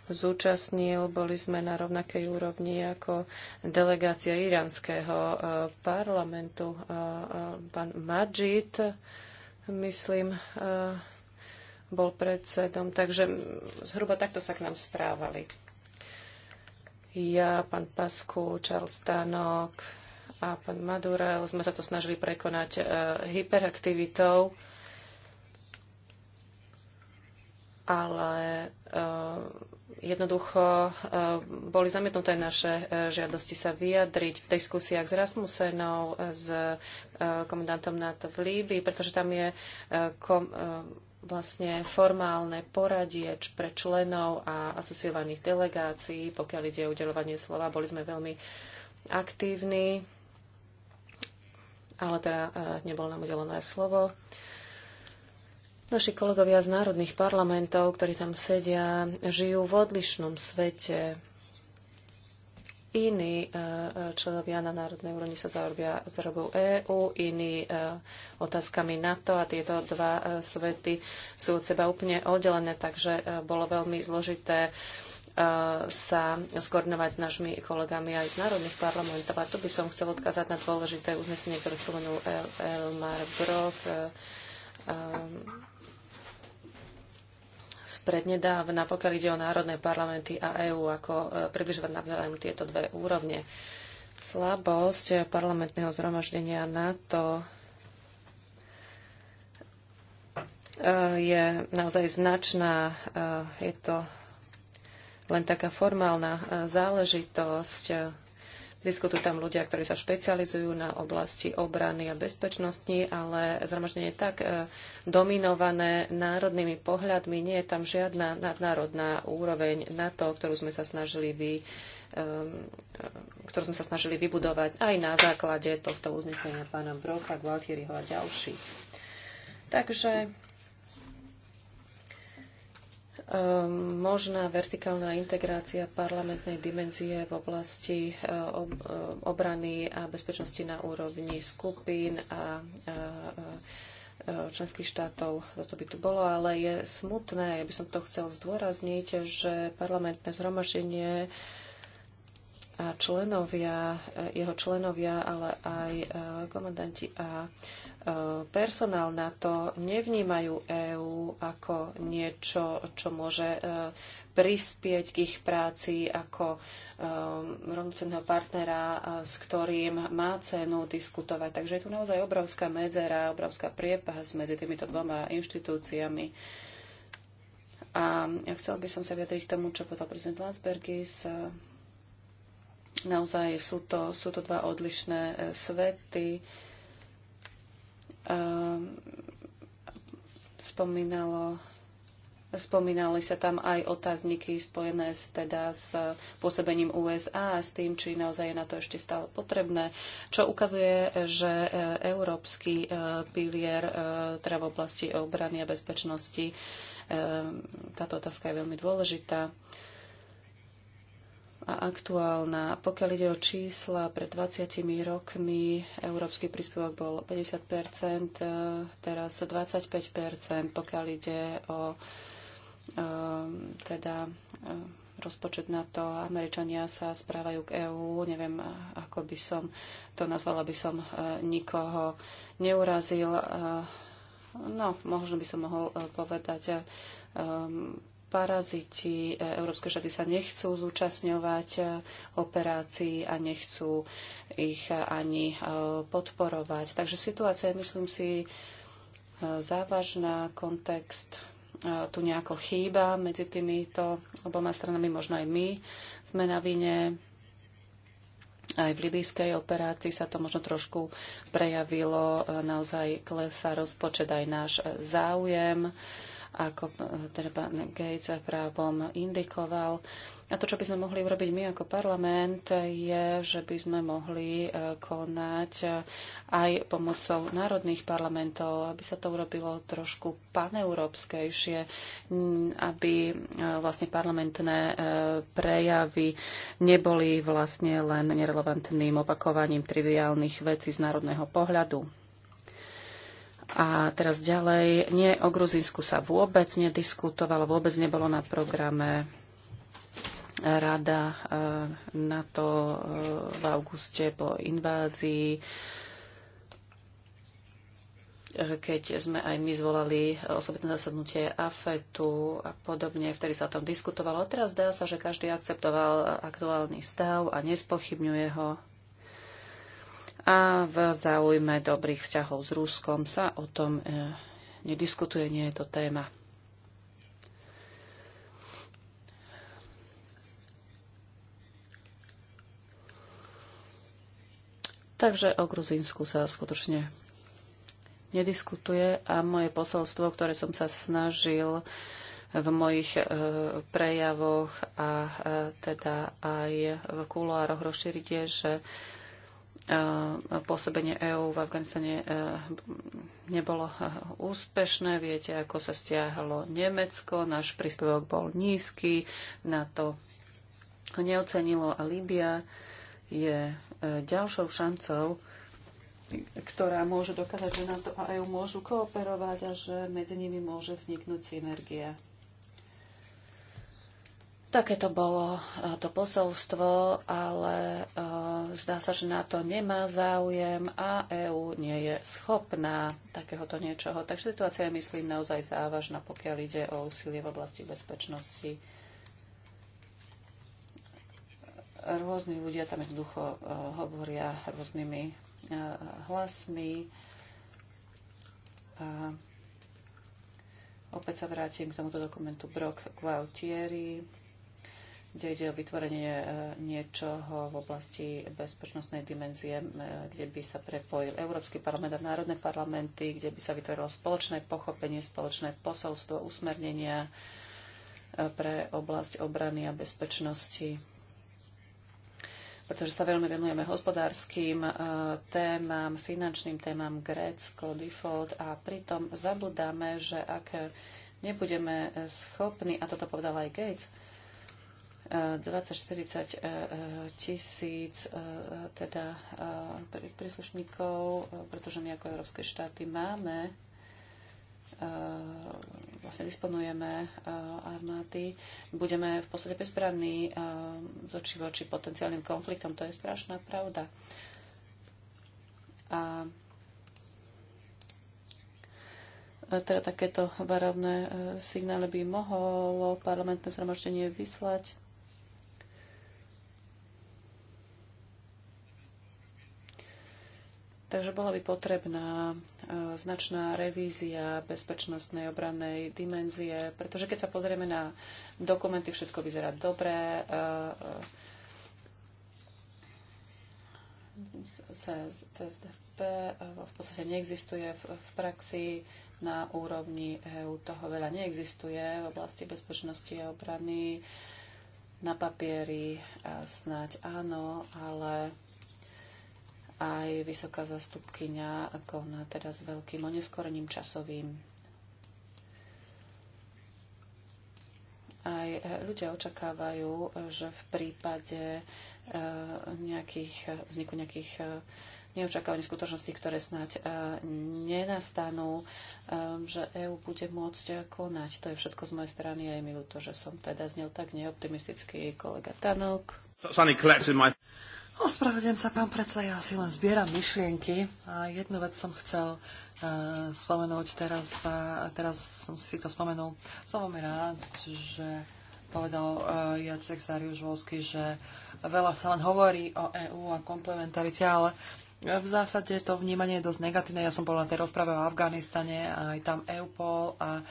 zúčastnil. Boli sme na rovnakej úrovni ako delegácia iránskeho eh, parlamentu. Eh, eh, pán Majid, myslím, bol predsedom. Takže zhruba takto sa k nám správali. Ja, pán Pasku, Charles Stanok a pán Madurel sme sa to snažili prekonať hyperaktivitou ale eh, jednoducho eh, boli zamietnuté naše eh, žiadosti sa vyjadriť v diskusiách s Rasmusenou, s komandantom NATO v Líbii, pretože tam je kom, vlastne formálne poradie pre členov a asociovaných delegácií, pokiaľ ide o udelovanie slova. Boli sme veľmi aktívni, ale teda nebolo nám udelené slovo. Naši kolegovia z národných parlamentov, ktorí tam sedia, žijú v odlišnom svete. Iní eh, členovia na národnej úrovni sa zarobia zarobou EÚ, iní eh, otázkami NATO a tieto dva eh, svety sú od seba úplne oddelené, takže bolo veľmi zložité sa skoordinovať s našimi kolegami aj z národných parlamentov. A tu by som chcel odkázať na dôležité uznesenie, ktoré spomenul Elmar Brok. Um, sprednedávna, pokiaľ ide o národné parlamenty a EÚ, ako e, približovať navzájom tieto dve úrovne. Slabosť parlamentného zhromaždenia NATO e, je naozaj značná. E, je to len taká formálna záležitosť. Diskutujú tam ľudia, ktorí sa špecializujú na oblasti obrany a bezpečnosti, ale zhromaždenie tak dominované národnými pohľadmi. Nie je tam žiadna nadnárodná úroveň to, ktorú sme sa snažili vy, ehm, ehm, ktorú sme sa snažili vybudovať aj na základe tohto uznesenia pána Broka, Gualtieriho a ďalších. Takže ehm, možná vertikálna integrácia parlamentnej dimenzie v oblasti eh, eh, obrany a bezpečnosti na úrovni skupín a eh, Eh, členských štátov. Toto by tu bolo, ale je smutné, ja by som to chcel zdôrazniť, že parlamentné zhromaždenie a členovia, eh, jeho členovia, ale aj eh, komandanti a personál na to nevnímajú EÚ ako niečo, čo môže prispieť k ich práci ako um, rovnocenného partnera, s ktorým má cenu diskutovať. Takže je tu naozaj obrovská medzera, obrovská priepas medzi týmito dvoma inštitúciami. A ja chcel by som sa vyjadriť k tomu, čo povedal prezident Landsbergis. Naozaj sú to, sú to dva odlišné e, svety ehm, spomínalo Spomínali sa tam aj otázniky spojené s, teda s pôsobením USA, a s tým, či naozaj je na to ešte stále potrebné, čo ukazuje, že e, európsky e, pilier e, teda v oblasti obrany a bezpečnosti táto otázka je veľmi dôležitá a aktuálna. Pokiaľ ide o čísla, pred 20 rokmi európsky príspevok bol 50 teraz 25 pokiaľ ide o Ehm, teda ehm, rozpočet na to, Američania sa správajú k EÚ, neviem, ako by som to nazvala, by som e, nikoho neurazil. E, no, možno by som mohol e, povedať, ehm, paraziti, európske štáty sa nechcú zúčastňovať operácií a nechcú ich ani podporovať. Takže situácia je, myslím si, závažná, kontext tu nejako chýba medzi týmito oboma stranami, možno aj my sme na vine. Aj v libijskej operácii sa to možno trošku prejavilo, e, naozaj klesá rozpočet aj náš záujem, ako e, teda pán Gates právom indikoval. A to, čo by sme mohli urobiť my ako parlament, je, že by sme mohli e, konať e, aj pomocou národných parlamentov, aby sa to urobilo trošku paneurópskejšie, aby e, vlastne parlamentné prejavy neboli vlastne len nerelevantným opakovaním triviálnych vecí z národného pohľadu. A teraz ďalej, nie o Gruzínsku sa vôbec nediskutovalo, vôbec nebolo na programe Rada eh, NATO eh, v auguste po invázii eh, keď sme aj my zvolali osobitné zasadnutie AFETu a podobne, vtedy sa o tom diskutovalo. Teraz dá sa, že každý akceptoval aktuálny stav a nespochybňuje ho. A v záujme dobrých vzťahov s Ruskom sa o tom nediskutuje, nie je to téma. Takže o Gruzínsku sa skutočne nediskutuje a moje posolstvo, ktoré som sa snažil v mojich e, prejavoch a e, teda aj v kuloároch rozšíriť je, že e, pôsobenie EÚ v Afganistane nebolo úspešné. Viete, ako sa stiahlo Nemecko, náš príspevok bol nízky, na to neocenilo a Líbia je e, ďalšou šancou, ktorá môže dokázať, že NATO a EU môžu kooperovať a že medzi nimi môže vzniknúť synergia. Také to bolo e, to posolstvo, ale uh, zdá sa, že na to nemá záujem a EÚ nie je schopná takéhoto niečoho. Takže situácia je, myslím, naozaj závažná, pokiaľ ide o úsilie v oblasti bezpečnosti Rôzni ľudia tam jednoducho eh, hovoria rôznymi eh, hlasmi. A opäť sa vrátim k tomuto dokumentu Brock Gualtieri, kde ide o vytvorenie eh, niečoho v oblasti bezpečnostnej dimenzie, kde by sa prepojil Európsky parlament a národné parlamenty, kde by sa vytvorilo spoločné pochopenie, spoločné posolstvo, usmernenia pre oblasť obrany a bezpečnosti pretože sa veľmi venujeme hospodárským e, témam, finančným témam Grécko, default a pritom zabudáme, že ak nebudeme schopní, a toto povedal aj Gates, 20-40 e, e, tisíc teda príslušníkov, pretože my ako európske štáty máme E, vlastne disponujeme e, armády, budeme v podstate bezbranní e, zoči voči potenciálnym konfliktom. To je strašná pravda. A teda takéto varovné signály by mohlo parlamentné zhromaždenie vyslať. Takže bola by potrebná E, značná revízia bezpečnostnej obrannej dimenzie, pretože keď sa pozrieme na dokumenty, všetko vyzerá dobre, e, e, CSDP v podstate neexistuje v, praxi na úrovni EÚ. Toho veľa neexistuje v oblasti bezpečnosti a obrany. Na papieri snáď áno, ale aj vysoká zastupkyňa koná teda s veľkým oneskorením časovým. Aj ľudia očakávajú, že v prípade e, nejakých, vzniku nejakých e, neočakávaných skutočností, ktoré snáď e, nenastanú, že EÚ bude môcť konať. To je všetko z mojej strany a je mi ľúto, že som teda znel tak neoptimistický kolega Tanok. Ospravedlňujem sa, pán predseda, ja si len zbieram myšlienky a jednu vec som chcel uh, spomenúť teraz, a teraz som si to spomenul. Som veľmi rád, že povedal uh, Jacek Zariuš-Volsky, že veľa sa len hovorí o EÚ a komplementarite, ale v zásade to vnímanie je dosť negatívne. Ja som bol na tej rozprave o Afganistane, aj tam EUPOL a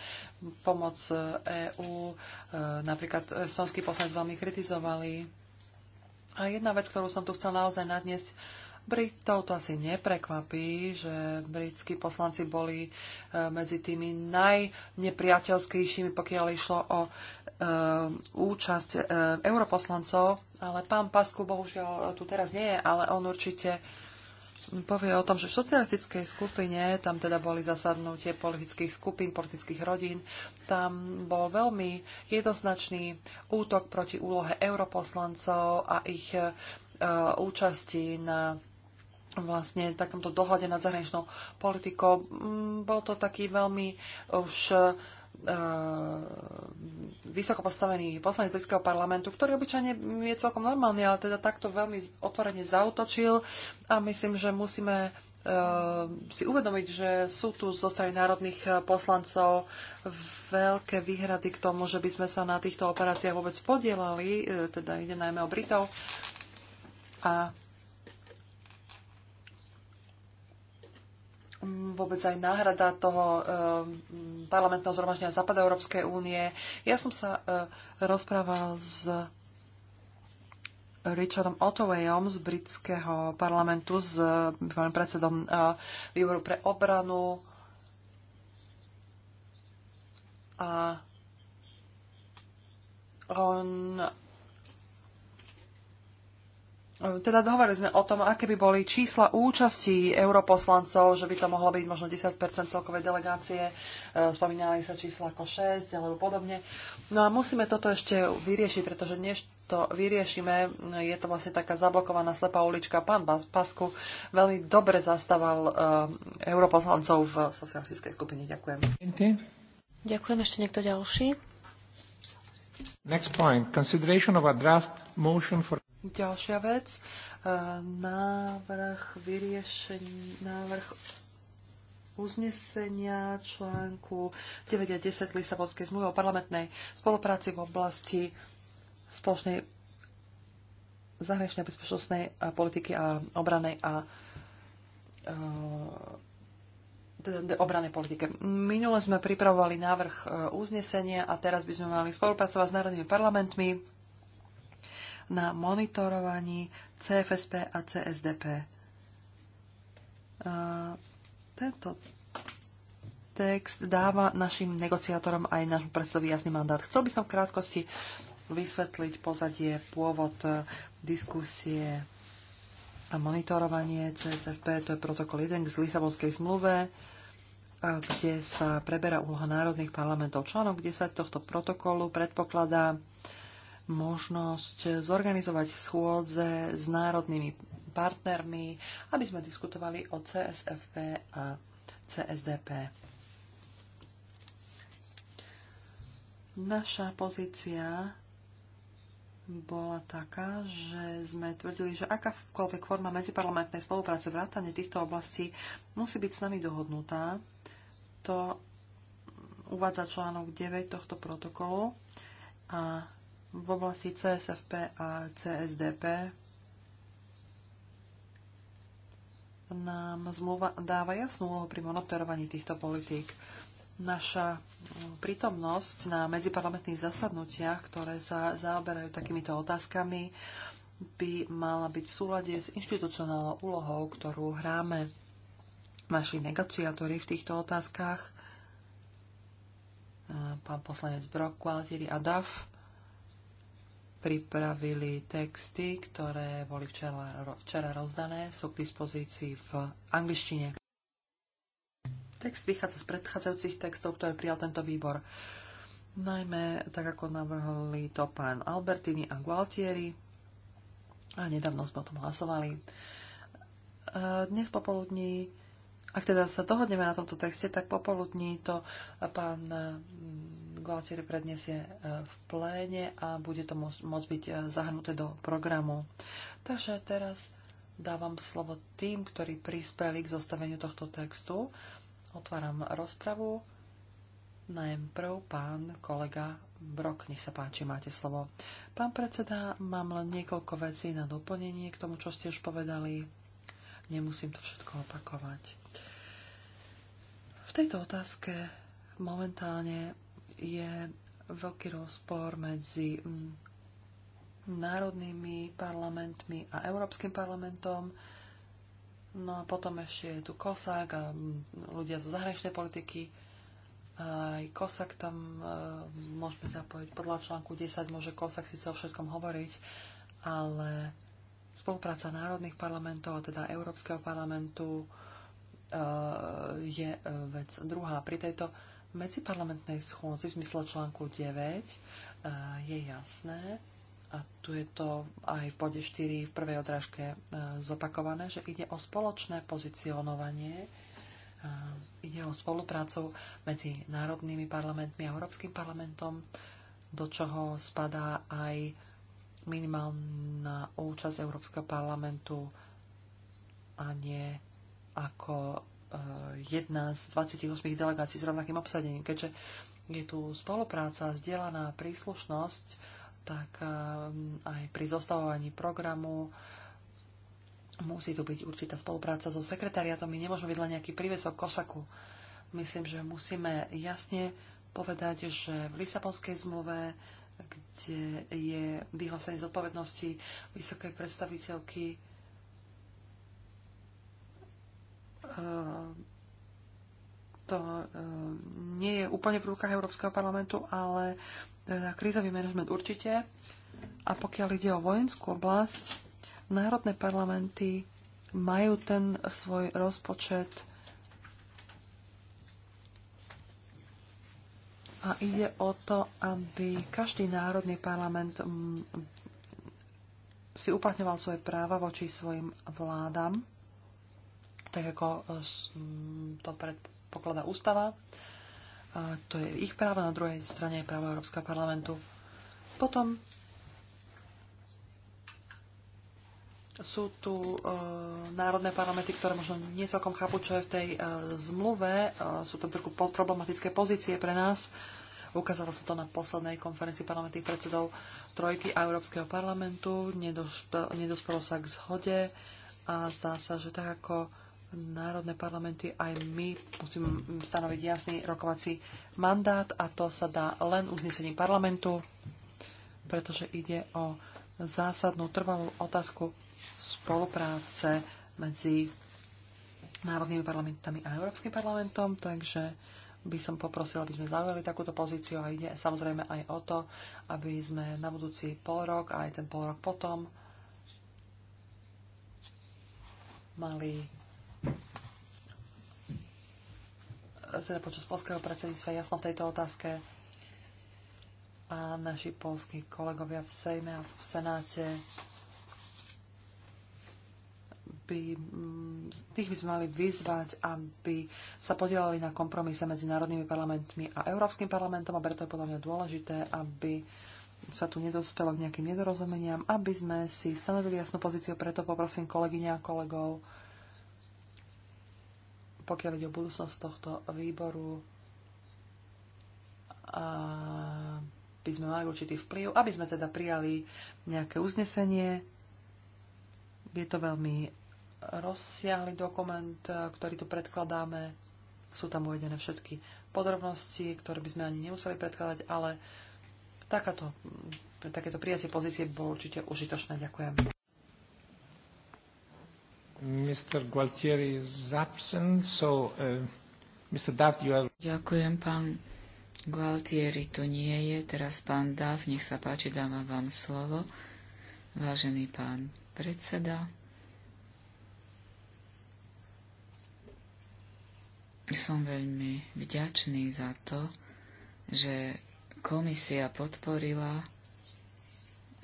pomoc EÚ. Eh, e napríklad estonský poslanec veľmi kritizovali a jedna vec, ktorú som tu chcela naozaj nadniesť, Britov to asi neprekvapí, že britskí poslanci boli e, medzi tými najnepriateľskejšími, pokiaľ išlo o e, účasť e, europoslancov, ale pán Pasku bohužiaľ tu teraz nie je, ale on určite povie o tom, že v socialistickej skupine, tam teda boli zasadnutie politických skupín, politických rodín, tam bol veľmi jednoznačný útok proti úlohe europoslancov a ich e, účasti na vlastne takomto dohľade nad zahraničnou politikou. Mm, bol to taký veľmi už Eh, vysoko postavený poslanec britského parlamentu, ktorý obyčajne je celkom normálny, ale teda takto veľmi otvorene zautočil a myslím, že musíme eh, si uvedomiť, že sú tu zo strany národných eh, poslancov veľké výhrady k tomu, že by sme sa na týchto operáciách vôbec podielali, teda ide najmä o Britov. A vôbec aj náhrada toho eh, parlamentného zhromaždenia Západa Európskej únie. Ja som sa eh, rozprával s Richardom Ottawayom z britského parlamentu, s bývalým predsedom eh, výboru pre obranu a on teda dohovorili sme o tom, aké by boli čísla účasti europoslancov, že by to mohlo byť možno 10% celkovej delegácie, e, spomínali sa čísla ako 6 alebo podobne. No a musíme toto ešte vyriešiť, pretože než to vyriešime, je to vlastne taká zablokovaná slepá ulička. Pán Pasku veľmi dobre zastával e, europoslancov v socialistickej skupine. Ďakujem. Ďakujem. Ešte niekto ďalší? Next point. Consideration of a draft motion for Ďalšia vec, e, návrh vyriešení, návrh uznesenia článku 9 a 10 Lisabonskej zmluvy o parlamentnej spolupráci v oblasti spoločnej zahraničnej bezpečnostnej e, politiky a obranej a e, obranej politike. Minule sme pripravovali návrh uznesenia a teraz by sme mali spolupracovať s národnými parlamentmi na monitorovaní CFSP a CSDP. Tento text dáva našim negociátorom aj nášmu predsedovi jasný mandát. Chcel by som v krátkosti vysvetliť pozadie, pôvod diskusie a monitorovanie CSFP, to je protokol 1 z Lisabonskej zmluve, kde sa preberá úloha národných parlamentov. Článok 10 tohto protokolu predpokladá možnosť zorganizovať schôdze s národnými partnermi, aby sme diskutovali o CSFP a CSDP. Naša pozícia bola taká, že sme tvrdili, že akákoľvek forma medziparlamentnej spolupráce vrátane týchto oblastí musí byť s nami dohodnutá. To uvádza článok 9 tohto protokolu a v oblasti CSFP a CSDP nám zmluva dáva jasnú úlohu pri monitorovaní týchto politík. Naša mm, prítomnosť na medziparlamentných zasadnutiach, ktoré sa zaoberajú takýmito otázkami, by mala byť v súlade s inštitucionálnou úlohou, ktorú hráme. Naši negociátori v týchto otázkach, pán poslanec Brok, Gualtieri a Duff, pripravili texty, ktoré boli včera, včera rozdané, sú k dispozícii v angličtine. Text vychádza z predchádzajúcich textov, ktoré prijal tento výbor. Najmä tak, ako navrhli to pán Albertini a Gualtieri a nedávno sme o tom hlasovali. E, dnes popoludní, ak teda sa dohodneme na tomto texte, tak popoludní to pán Gualtieri predniesie e, v pléne a bude to môcť byť e, zahrnuté do programu. Takže teraz dávam slovo tým, ktorí prispeli k zostaveniu tohto textu. Otváram rozpravu. Najprv pán kolega Brok, nech sa páči, máte slovo. Pán predseda, mám len niekoľko vecí na doplnenie k tomu, čo ste už povedali. Nemusím to všetko opakovať. V tejto otázke momentálne je veľký rozpor medzi národnými parlamentmi a Európskym parlamentom. No a potom ešte je tu Kosák a ľudia zo zahraničnej politiky. Aj Kosak tam e, môžeme zapojiť. Podľa článku 10 môže Kosák síce o všetkom hovoriť, ale spolupráca národných parlamentov, a teda Európskeho parlamentu, e, je e, vec druhá. Pri tejto e, medziparlamentnej schôdzi v zmysle článku 9 e, je jasné, a tu je to aj v bode 4 v prvej odrážke e, zopakované, že ide o spoločné pozicionovanie, e, ide o spoluprácu medzi národnými parlamentmi a Európskym parlamentom, do čoho spadá aj minimálna účasť Európskeho parlamentu a nie ako Eh, jedna z 28 delegácií s rovnakým obsadením. Keďže je tu spolupráca, zdieľaná príslušnosť, tak eh, aj pri zostavovaní programu musí tu byť určitá spolupráca so sekretariatom. My nemôžeme byť len nejaký prívesok kosaku. Myslím, že musíme jasne povedať, že v Lisabonskej zmluve, kde je vyhlásenie zodpovednosti vysokej predstaviteľky, Eh, to eh, nie je úplne v rukách Európskeho parlamentu, ale eh, krízový manažment určite. A pokiaľ ide o vojenskú oblasť, národné parlamenty majú ten svoj rozpočet a ide o to, aby každý národný parlament mm, si uplatňoval svoje práva voči svojim vládam tak ako e, to predpokladá ústava. A to je ich právo, na druhej strane je právo Európskeho parlamentu. Potom sú tu e, národné parlamenty, ktoré možno nie celkom chápu, čo je v tej e, zmluve. E, sú tam trošku problematické pozície pre nás. Ukázalo sa to na poslednej konferencii parlamentných predsedov Trojky a Európskeho parlamentu. Nedospelo sa k zhode a zdá sa, že tak ako národné parlamenty, aj my musíme stanoviť jasný rokovací mandát a to sa dá len uznesením parlamentu, pretože ide o zásadnú trvalú otázku spolupráce medzi národnými parlamentami a Európskym parlamentom, takže by som poprosila, aby sme zaujali takúto pozíciu a ide samozrejme aj o to, aby sme na budúci pol rok a aj ten pol rok potom mali teda počas polského predsedníctva jasno v tejto otázke a naši polskí kolegovia v Sejme a v Senáte by, mm, tých by sme mali vyzvať, aby sa podielali na kompromise medzi národnými parlamentmi a Európskym parlamentom a preto je podľa mňa dôležité, aby sa tu nedospelo k nejakým nedorozumeniam, aby sme si stanovili jasnú pozíciu, preto poprosím kolegyňa a kolegov, pokiaľ ide o budúcnosť tohto výboru, by sme mali určitý vplyv, aby sme teda prijali nejaké uznesenie. Je to veľmi rozsiahly dokument, ktorý tu predkladáme. Sú tam uvedené všetky podrobnosti, ktoré by sme ani nemuseli predkladať, ale takáto, takéto prijatie pozície bolo určite užitočné. Ďakujem. Mr. Gualtieri is absent, so uh, Mr. Duff, you have... Ďakujem, pán Gualtieri tu nie je. Teraz pán Duff, nech sa páči, dávam vám slovo. Vážený pán predseda, som veľmi vďačný za to, že komisia podporila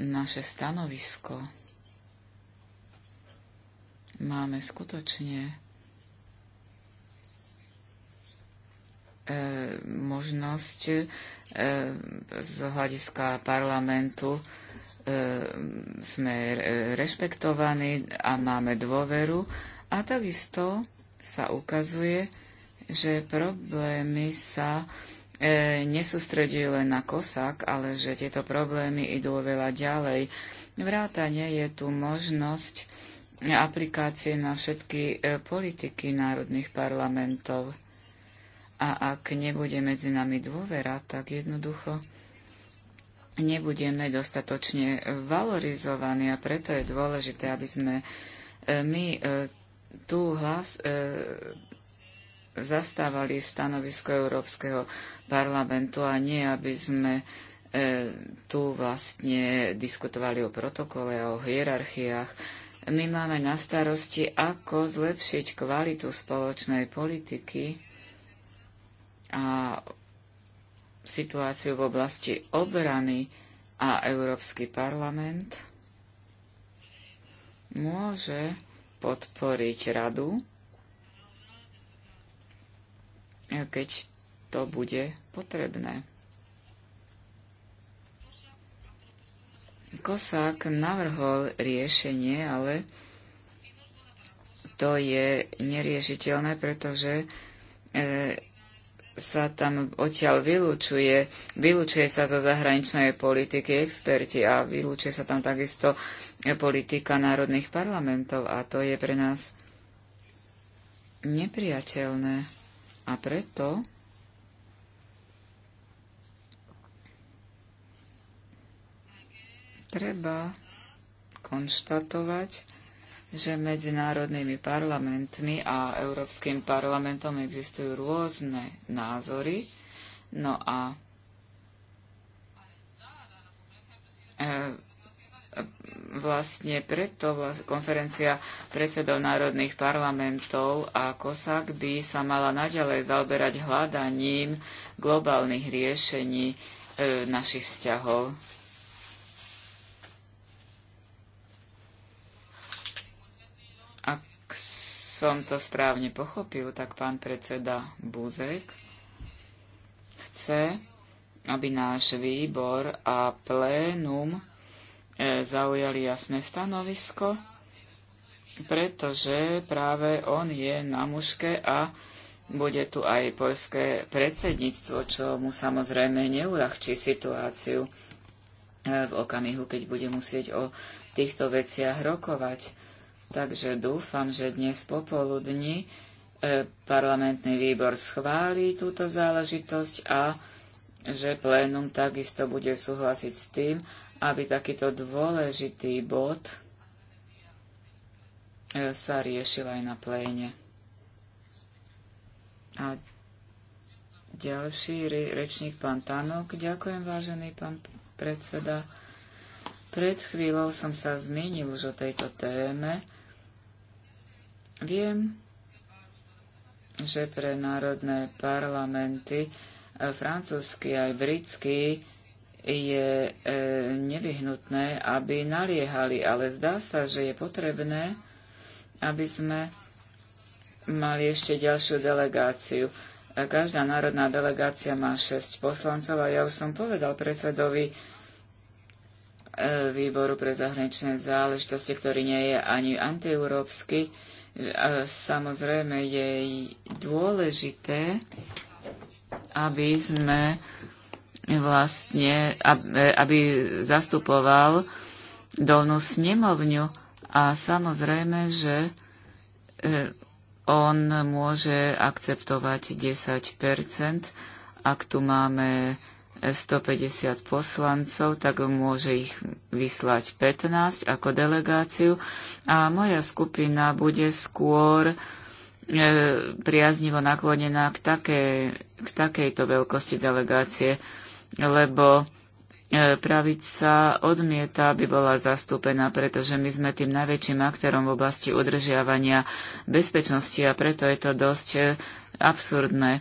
naše stanovisko máme skutočne e, možnosť e, z hľadiska parlamentu e, sme rešpektovaní a máme dôveru a takisto sa ukazuje, že problémy sa nesústredujú len na kosak, ale že tieto problémy idú oveľa ďalej. Vrátane je tu možnosť aplikácie na všetky e, politiky národných parlamentov. A ak nebude medzi nami dôvera, tak jednoducho nebudeme dostatočne valorizovaní a preto je dôležité, aby sme e, my e, tu hlas, zastávali stanovisko Európskeho parlamentu a nie, aby sme tu vlastne diskutovali o protokole a o hierarchiách my máme na starosti, ako zlepšiť kvalitu spoločnej politiky a situáciu v oblasti obrany a Európsky parlament môže podporiť radu, keď to bude potrebné. Kosák navrhol riešenie, ale to je neriešiteľné, pretože e, sa tam odtiaľ vylúčuje, vylúčuje sa zo zahraničnej politiky experti a vylúčuje sa tam takisto politika národných parlamentov a to je pre nás nepriateľné. A preto Treba konštatovať, že medzinárodnými parlamentmi a Európskym parlamentom existujú rôzne názory. No a e, vlastne preto konferencia predsedov národných parlamentov a COSAC by sa mala naďalej zaoberať hľadaním globálnych riešení e, našich vzťahov som to správne pochopil, tak pán predseda Buzek chce, aby náš výbor a plénum e, zaujali jasné stanovisko, pretože práve on je na muške a bude tu aj poľské predsedníctvo, čo mu samozrejme neurahčí situáciu e, v okamihu, keď bude musieť o týchto veciach rokovať. Takže dúfam, že dnes popoludní e, parlamentný výbor schválí túto záležitosť a že plénum takisto bude súhlasiť s tým, aby takýto dôležitý bod e, sa riešil aj na pléne. A ďalší rečník, pán Tanok. Ďakujem, vážený pán predseda. Pred chvíľou som sa zmienil už o tejto téme Viem, že pre národné parlamenty e, francúzsky aj britský je e, nevyhnutné, aby naliehali, ale zdá sa, že je potrebné, aby sme mali ešte ďalšiu delegáciu. E, každá národná delegácia má 6 poslancov a ja už som povedal predsedovi e, výboru pre zahraničné záležitosti, ktorý nie je ani antieurópsky, Samozrejme je dôležité, aby sme vlastne, e, aby zastupoval dolnú snemovňu a samozrejme, že e, on môže akceptovať 10%, ak tu máme 150 poslancov, tak môže ich vyslať 15 ako delegáciu a moja skupina bude skôr e, priaznivo naklonená k, také, k takejto veľkosti delegácie, lebo e, pravica odmieta, aby bola zastúpená, pretože my sme tým najväčším aktérom v oblasti udržiavania bezpečnosti a preto je to dosť e, absurdné.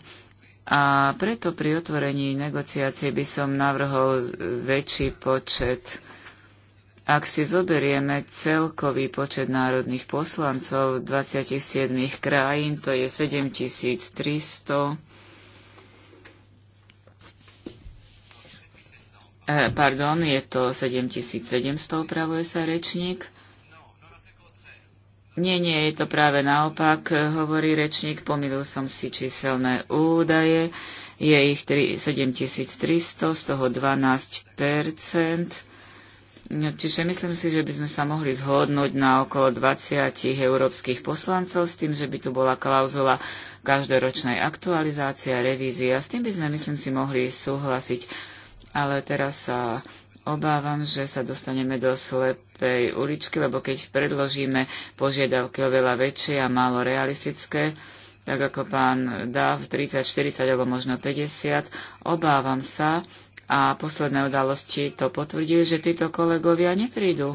A preto pri otvorení negociácie by som navrhol väčší počet. Ak si zoberieme celkový počet národných poslancov 27 krajín, to je 7300, eh, pardon, je to 7700, opravuje sa rečník. Nie, nie, je to práve naopak, hovorí rečník, pomýlil som si číselné údaje, je ich 7300, z toho 12 no, Čiže myslím si, že by sme sa mohli zhodnúť na okolo 20 európskych poslancov s tým, že by tu bola klauzula každoročnej aktualizácie a revízie. A s tým by sme, myslím si, mohli súhlasiť. Ale teraz sa obávam, že sa dostaneme do slepej uličky, lebo keď predložíme požiadavky oveľa väčšie a málo realistické, tak ako pán dav, 30, 40 alebo možno 50, obávam sa a posledné udalosti to potvrdili, že títo kolegovia neprídu.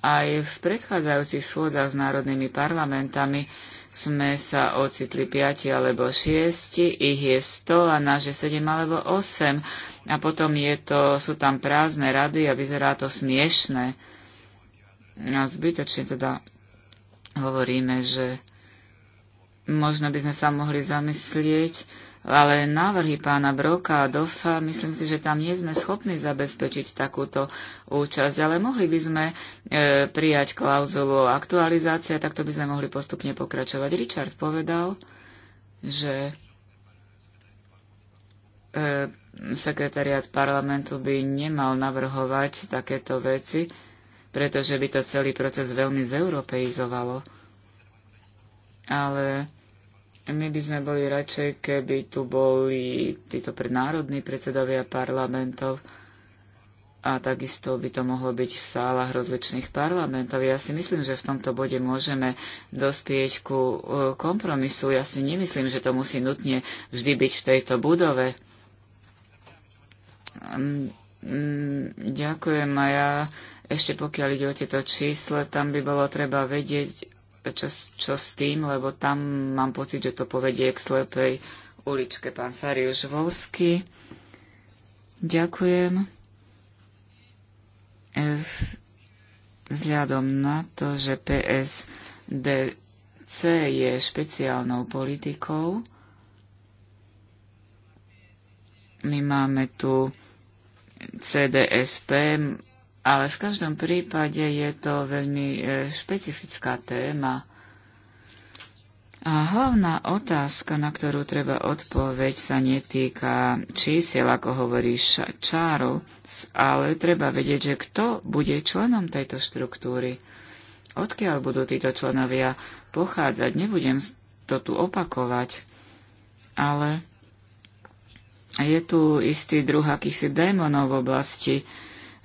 Aj v predchádzajúcich schôdzach s národnými parlamentami sme sa ocitli piati alebo šiesti, ich je 100 a náš je 7 alebo 8 a potom je to, sú tam prázdne rady a vyzerá to smiešné. A zbytočne teda hovoríme, že možno by sme sa mohli zamyslieť, ale návrhy pána Broka a Dofa, myslím si, že tam nie sme schopní zabezpečiť takúto účasť, ale mohli by sme e, prijať klauzulu o aktualizácii, takto by sme mohli postupne pokračovať. Richard povedal, že e, sekretariat parlamentu by nemal navrhovať takéto veci, pretože by to celý proces veľmi zeuropeizovalo. Ale my by sme boli radšej, keby tu boli títo prednárodní predsedovia parlamentov a takisto by to mohlo byť v sálach rozličných parlamentov. Ja si myslím, že v tomto bode môžeme dospieť ku e, kompromisu. Ja si nemyslím, že to musí nutne vždy byť v tejto budove. Mm, mm, ďakujem a ja ešte pokiaľ ide o tieto čísle, tam by bolo treba vedieť, čo, čo s tým, lebo tam mám pocit, že to povedie k slepej uličke. Pán Sariuš Volsky, ďakujem. Vzhľadom na to, že PSDC je špeciálnou politikou, my máme tu CDSP, ale v každom prípade je to veľmi e, špecifická téma. A hlavná otázka, na ktorú treba odpoveď, sa netýka čísiel, ako hovorí Charles, ale treba vedieť, že kto bude členom tejto štruktúry. Odkiaľ budú títo členovia pochádzať, nebudem to tu opakovať, ale je tu istý druh akýchsi démonov v oblasti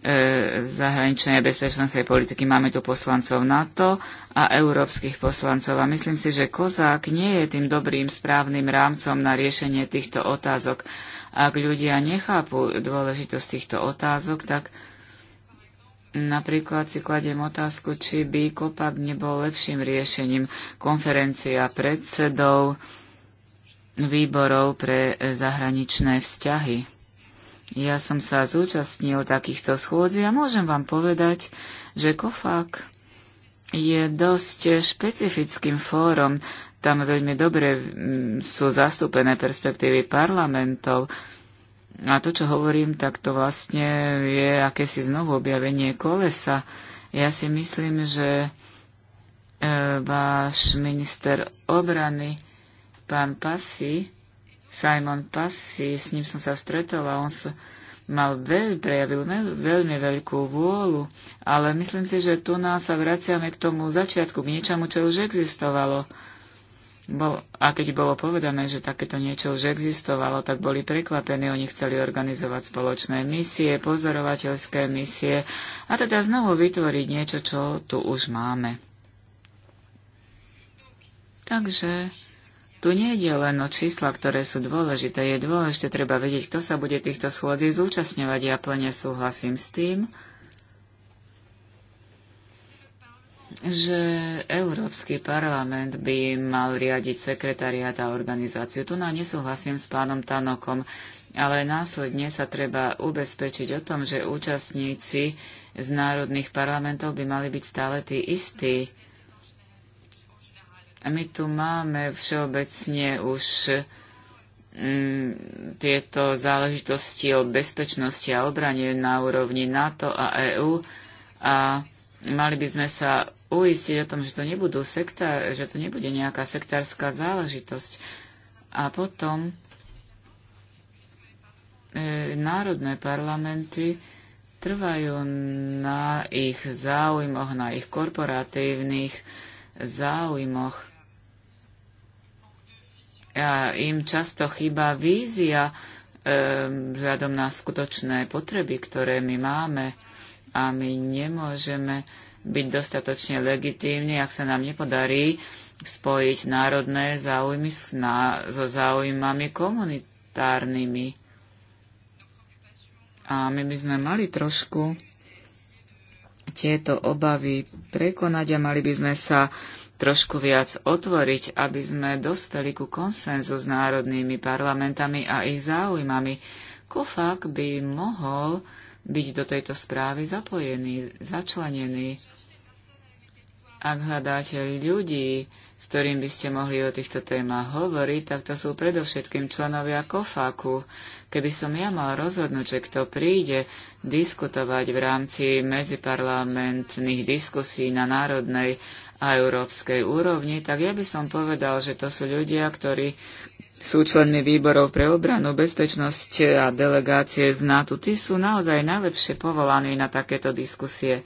E, zahraničnej a bezpečnostnej politiky. Máme tu poslancov NATO a európskych poslancov a myslím si, že Kozák nie je tým dobrým správnym rámcom na riešenie týchto otázok. Ak ľudia nechápu dôležitosť týchto otázok, tak napríklad si kladiem otázku, či by Kopak nebol lepším riešením konferencia predsedov výborov pre e, zahraničné vzťahy. Ja som sa zúčastnil takýchto schôdzi a môžem vám povedať, že Kofák je dosť špecifickým fórom. Tam veľmi dobre mm, sú zastúpené perspektívy parlamentov. A to, čo hovorím, tak to vlastne je akési znovu objavenie kolesa. Ja si myslím, že e, váš minister obrany, pán Pasi, Simon Passy, s ním som sa stretol a on sa mal veľ, prejavil veľmi veľkú vôľu, ale myslím si, že tu nás sa vraciame k tomu začiatku, k niečomu, čo už existovalo. Bol, a keď bolo povedané, že takéto niečo už existovalo, tak boli prekvapení, oni chceli organizovať spoločné misie, pozorovateľské misie a teda znovu vytvoriť niečo, čo tu už máme. Takže tu nie je len o čísla, ktoré sú dôležité. Je dôležité treba vedieť, kto sa bude týchto schôdzí zúčastňovať. Ja plne súhlasím s tým, že Európsky parlament by mal riadiť sekretariát a organizáciu. Tu na nesúhlasím s pánom Tanokom, ale následne sa treba ubezpečiť o tom, že účastníci z národných parlamentov by mali byť stále tí istí my tu máme všeobecne už mm, tieto záležitosti o bezpečnosti a obrane na úrovni NATO a EÚ a mali by sme sa uistiť o tom, že to, nebudú sektár, že to nebude nejaká sektárska záležitosť. A potom e, národné parlamenty trvajú na ich záujmoch, na ich korporatívnych záujmoch im často chýba vízia vzhľadom na skutočné potreby, ktoré my máme a my nemôžeme byť dostatočne legitímni, ak sa nám nepodarí spojiť národné záujmy so záujmami komunitárnymi. A my by sme mali trošku tieto obavy prekonať a mali by sme sa trošku viac otvoriť, aby sme dospeli ku konsenzu s národnými parlamentami a ich záujmami. Kofak by mohol byť do tejto správy zapojený, začlenený. Ak hľadáte ľudí, s ktorým by ste mohli o týchto témach hovoriť, tak to sú predovšetkým členovia Kofaku. Keby som ja mal rozhodnúť, že kto príde diskutovať v rámci medziparlamentných diskusí na národnej a európskej úrovni, tak ja by som povedal, že to sú ľudia, ktorí sú členmi výborov pre obranu, bezpečnosť a delegácie z NATO. Tí sú naozaj najlepšie povolaní na takéto diskusie.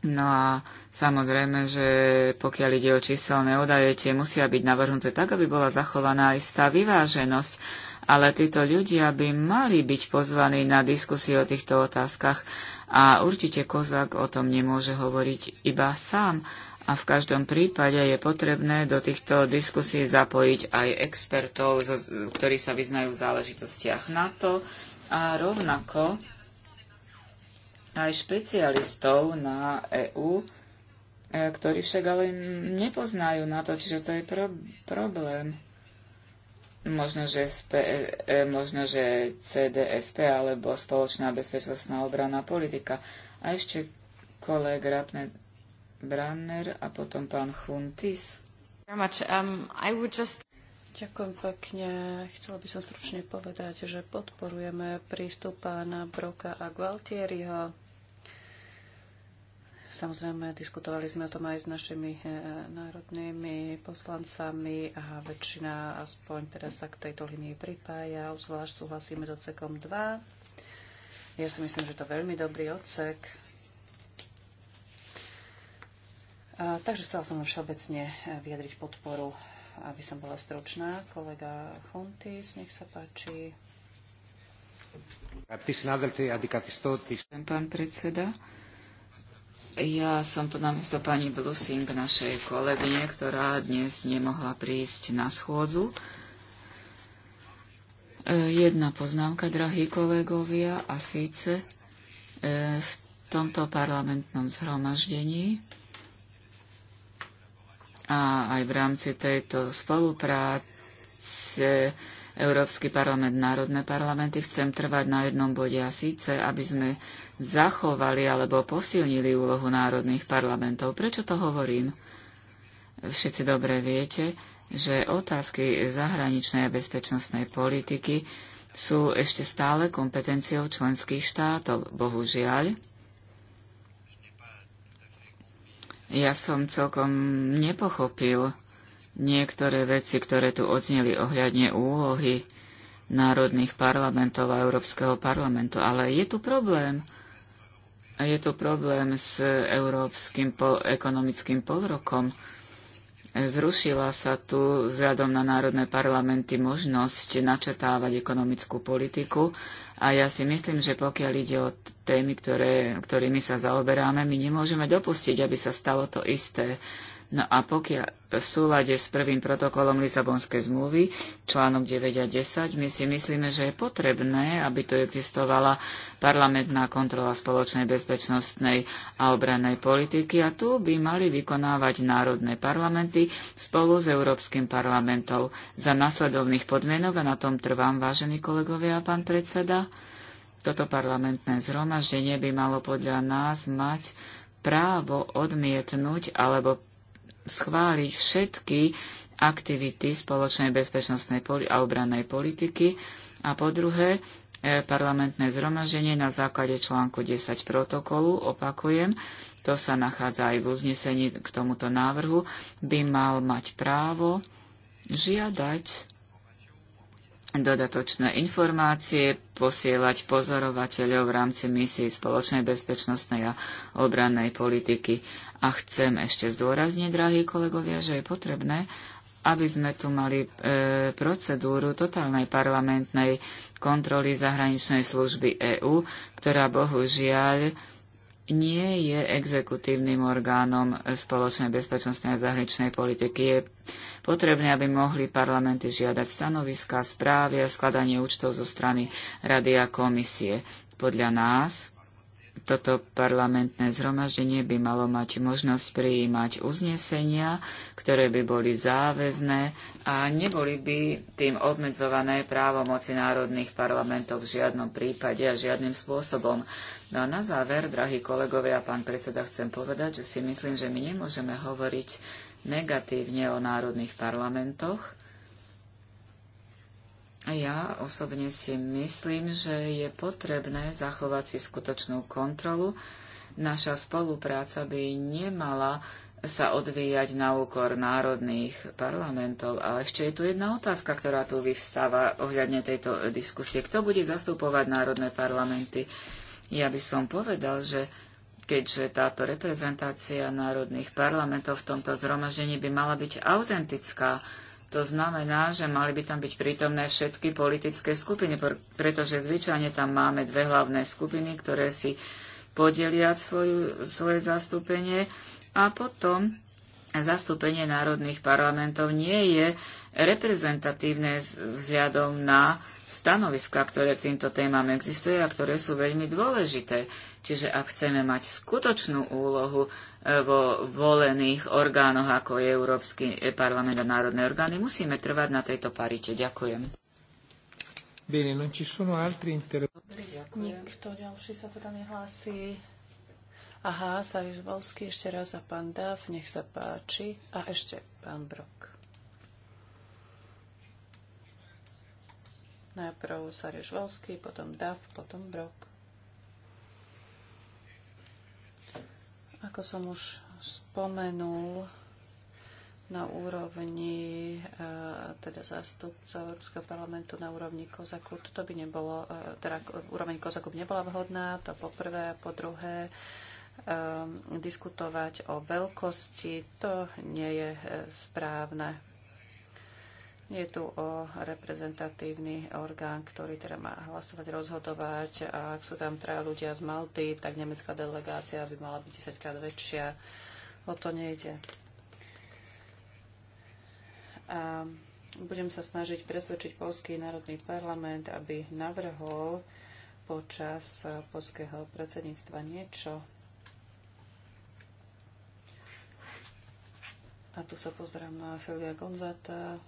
No a samozrejme, že pokiaľ ide o číselné údaje, tie musia byť navrhnuté tak, aby bola zachovaná istá vyváženosť. Ale títo ľudia by mali byť pozvaní na diskusiu o týchto otázkach a určite Kozak o tom nemôže hovoriť iba sám. A v každom prípade je potrebné do týchto diskusí zapojiť aj expertov, ktorí sa vyznajú v záležitostiach NATO a rovnako aj špecialistov na EÚ, e, ktorí však ale nepoznajú na to, čiže to je pro- problém. Možno, že, SP, e, e, možno, že CDSP alebo spoločná bezpečnostná obranná politika. A ešte koleg Rapne Branner a potom pán Chuntis. Um, just... Ďakujem pekne. Chcela by som stručne povedať, že podporujeme prístup pána Broka a Gualtieriho Samozrejme, diskutovali sme o tom aj s našimi e, národnými poslancami a väčšina aspoň teraz sa k tejto linii pripája. Zvlášť súhlasíme s odsekom 2. Ja si myslím, že to je veľmi dobrý odsek. A, takže chcela som všeobecne e, vyjadriť podporu, aby som bola stručná. Kolega Chontis, nech sa páči. Pán predseda, ja som tu namiesto pani Blusing, našej kolegyne, ktorá dnes nemohla prísť na schôdzu. E, jedna poznámka, drahí kolegovia, a síce e, v tomto parlamentnom zhromaždení a aj v rámci tejto spolupráce Európsky parlament, národné parlamenty. Chcem trvať na jednom bode a síce, aby sme zachovali alebo posilnili úlohu národných parlamentov. Prečo to hovorím? Všetci dobre viete, že otázky zahraničnej a bezpečnostnej politiky sú ešte stále kompetenciou členských štátov. Bohužiaľ, ja som celkom nepochopil niektoré veci, ktoré tu odzneli ohľadne úlohy národných parlamentov a Európskeho parlamentu. Ale je tu problém. Je tu problém s európskym pol, ekonomickým polrokom. Zrušila sa tu vzhľadom na národné parlamenty možnosť načetávať ekonomickú politiku a ja si myslím, že pokiaľ ide o témy, ktoré, ktorými sa zaoberáme, my nemôžeme dopustiť, aby sa stalo to isté. No a pokiaľ v súlade s prvým protokolom Lisabonskej zmluvy, článok 9 a 10, my si myslíme, že je potrebné, aby tu existovala parlamentná kontrola spoločnej bezpečnostnej a obrannej politiky a tu by mali vykonávať národné parlamenty spolu s Európskym parlamentom za nasledovných podmienok a na tom trvám, vážení kolegovia a pán predseda. Toto parlamentné zhromaždenie by malo podľa nás mať právo odmietnúť alebo schváliť všetky aktivity spoločnej bezpečnostnej a obrannej politiky a po druhé e, parlamentné zhromaženie na základe článku 10 protokolu, opakujem, to sa nachádza aj v uznesení k tomuto návrhu, by mal mať právo žiadať dodatočné informácie, posielať pozorovateľov v rámci misie spoločnej bezpečnostnej a obrannej politiky. A chcem ešte zdôrazniť, drahí kolegovia, že je potrebné, aby sme tu mali e, procedúru totálnej parlamentnej kontroly zahraničnej služby EÚ, ktorá bohužiaľ nie je exekutívnym orgánom spoločnej bezpečnostnej a zahraničnej politiky. Je potrebné, aby mohli parlamenty žiadať stanoviska, správy a skladanie účtov zo strany Rady a komisie. Podľa nás toto parlamentné zhromaždenie by malo mať možnosť prijímať uznesenia, ktoré by boli záväzné a neboli by tým obmedzované právomoci národných parlamentov v žiadnom prípade a žiadnym spôsobom. No a na záver, drahí kolegovia, pán predseda, chcem povedať, že si myslím, že my nemôžeme hovoriť negatívne o národných parlamentoch, ja osobne si myslím, že je potrebné zachovať si skutočnú kontrolu. Naša spolupráca by nemala sa odvíjať na úkor národných parlamentov. Ale ešte je tu jedna otázka, ktorá tu vyvstáva ohľadne tejto diskusie. Kto bude zastupovať národné parlamenty? Ja by som povedal, že keďže táto reprezentácia národných parlamentov v tomto zhromažení by mala byť autentická, to znamená, že mali by tam byť prítomné všetky politické skupiny, pretože zvyčajne tam máme dve hlavné skupiny, ktoré si podelia svoju, svoje zastúpenie a potom zastúpenie národných parlamentov nie je reprezentatívne vzhľadom na stanoviska, ktoré k týmto témam existujú a ktoré sú veľmi dôležité. Čiže ak chceme mať skutočnú úlohu e, vo volených orgánoch, ako je Európsky e, parlament a národné orgány, musíme trvať na tejto parite. Ďakujem. Bene, non ci sono altri inter... Nikto ďalší sa teda nehlási. Aha, Sarizvolský ešte raz a pán Dáv, nech sa páči. A ešte pán Brok. Najprv Sariuš Valsky, potom Dav, potom Brok. Ako som už spomenul, na úrovni e, teda zástupcov Európskeho parlamentu na úrovni Kozaku. To by nebolo, e, teda úroveň Kozaku by nebola vhodná, to po prvé, po druhé e, diskutovať o veľkosti, to nie je správne. Je tu o reprezentatívny orgán, ktorý teda má hlasovať, rozhodovať. A ak sú tam traja ľudia z Malty, tak nemecká delegácia by mala byť 10 krát väčšia. O to nejde. A budem sa snažiť presvedčiť Polský národný parlament, aby navrhol počas e, polského predsedníctva niečo. A tu sa pozerám na Silvia Gonzata,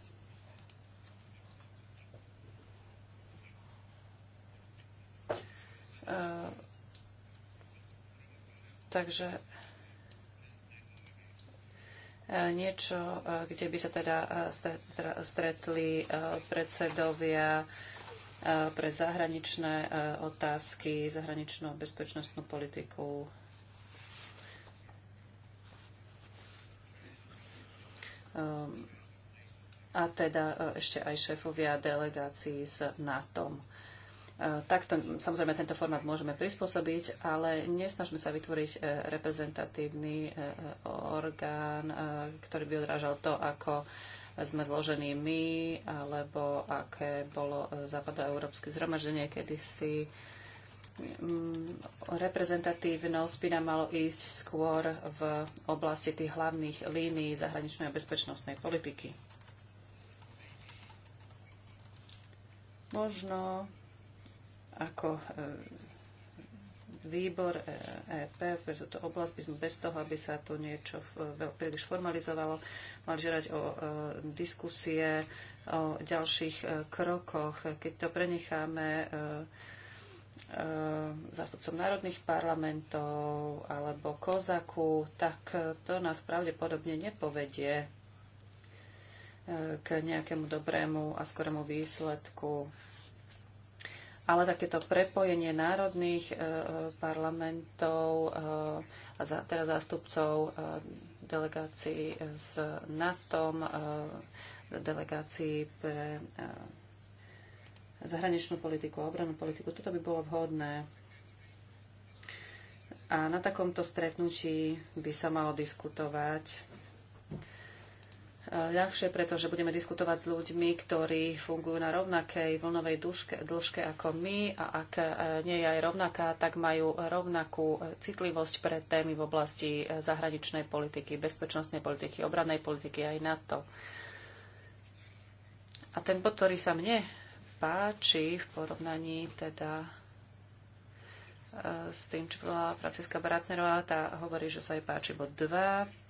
Eh, takže eh, niečo, eh, kde by sa teda, teda stretli predsedovia pre zahraničné otázky, zahraničnú bezpečnostnú politiku. Ehm, a teda ešte aj šéfovia delegácií s NATO. Eh, takto samozrejme tento formát môžeme prispôsobiť, ale nesnažme sa vytvoriť eh, reprezentatívny eh, orgán, ktorý by odrážal to, ako sme zložení my, alebo aké bolo západoeurópske zhromaždenie kedysi. Mm, reprezentatívnosť by nám malo ísť skôr v oblasti tých hlavných línií zahraničnej a bezpečnostnej politiky. Možno ako e, výbor EP e pre túto oblasť by sme bez toho, aby sa tu niečo príliš formalizovalo, mali žiadať o e, diskusie, o ďalších krokoch. Keď to prenecháme zástupcom národných parlamentov alebo kozaku, tak to nás pravdepodobne nepovedie k nejakému dobrému a skorému výsledku ale takéto prepojenie národných e, e, parlamentov e, a teda zástupcov delegácií s NATO, delegácií pre zahraničnú politiku a obranú politiku, toto by bolo vhodné. A na takomto stretnutí by sa malo diskutovať ľahšie, pretože budeme diskutovať s ľuďmi, ktorí fungujú na rovnakej vlnovej dĺžke, dĺžke ako my a ak e, nie je aj rovnaká, tak majú rovnakú citlivosť pre témy v oblasti e, zahraničnej politiky, bezpečnostnej politiky, obrannej politiky aj NATO. A ten bod, ktorý sa mne páči v porovnaní teda e, s tým, čo bola Francisca Bratnerová, tá hovorí, že sa jej páči bod 2,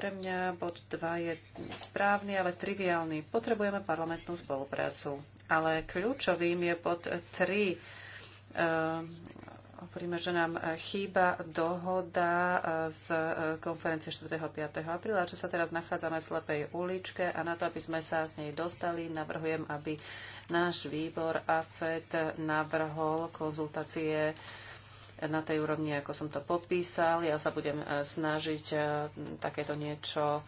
pre mňa bod 2 je správny, ale triviálny. Potrebujeme parlamentnú spoluprácu. Ale kľúčovým je bod 3. Ehm, hovoríme, že nám chýba dohoda eh, z eh, konferencie 4. a 5. apríla, čo sa teraz nachádzame v slepej uličke a na to, aby sme sa z nej dostali, navrhujem, aby náš výbor AFED navrhol konzultácie na tej úrovni, ako som to popísal. Ja sa budem e, snažiť e, takéto niečo e,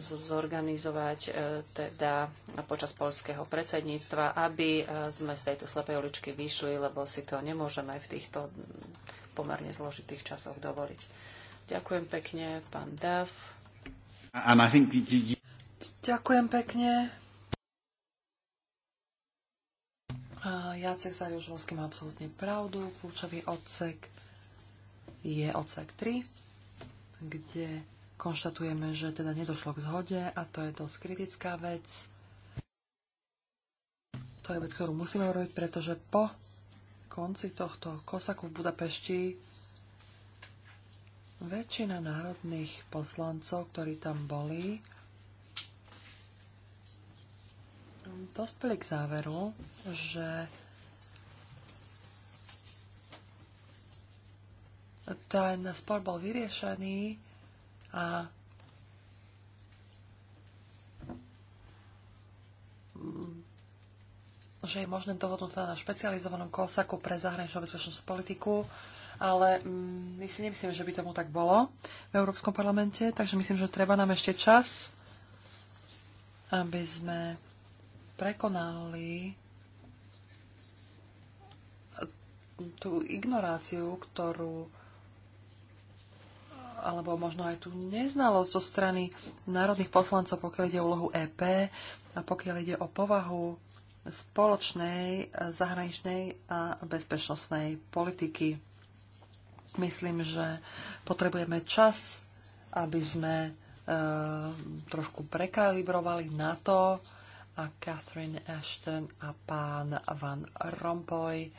zorganizovať teda počas polského predsedníctva, aby sme z tejto slepej uličky vyšli, lebo si to nemôžeme v týchto pomerne zložitých časoch dovoliť. Ďakujem pekne, pán Dav. Ďakujem pekne. Jacek Zariužovský má absolútne pravdu. Kľúčový odsek je odsek 3, kde konštatujeme, že teda nedošlo k zhode a to je dosť kritická vec. To je vec, ktorú musíme robiť, pretože po konci tohto kosaku v Budapešti väčšina národných poslancov, ktorí tam boli, dospeli k záveru, že ten spor bol vyriešený a že je možné dohodnúť sa na špecializovanom kosaku pre zahraničnú bezpečnosť politiku, ale my mm, si nemyslíme, že by tomu tak bolo v Európskom parlamente, takže myslím, že treba nám ešte čas, aby sme prekonali eh, tú ignoráciu, ktorú eh, alebo možno aj tú neznalosť zo strany národných poslancov, pokiaľ ide o úlohu EP a pokiaľ ide o povahu spoločnej eh, zahraničnej a bezpečnostnej politiky. Myslím, že potrebujeme čas, aby sme e, trošku prekalibrovali na to, a Catherine Ashton a pán Van Rompuy, eh,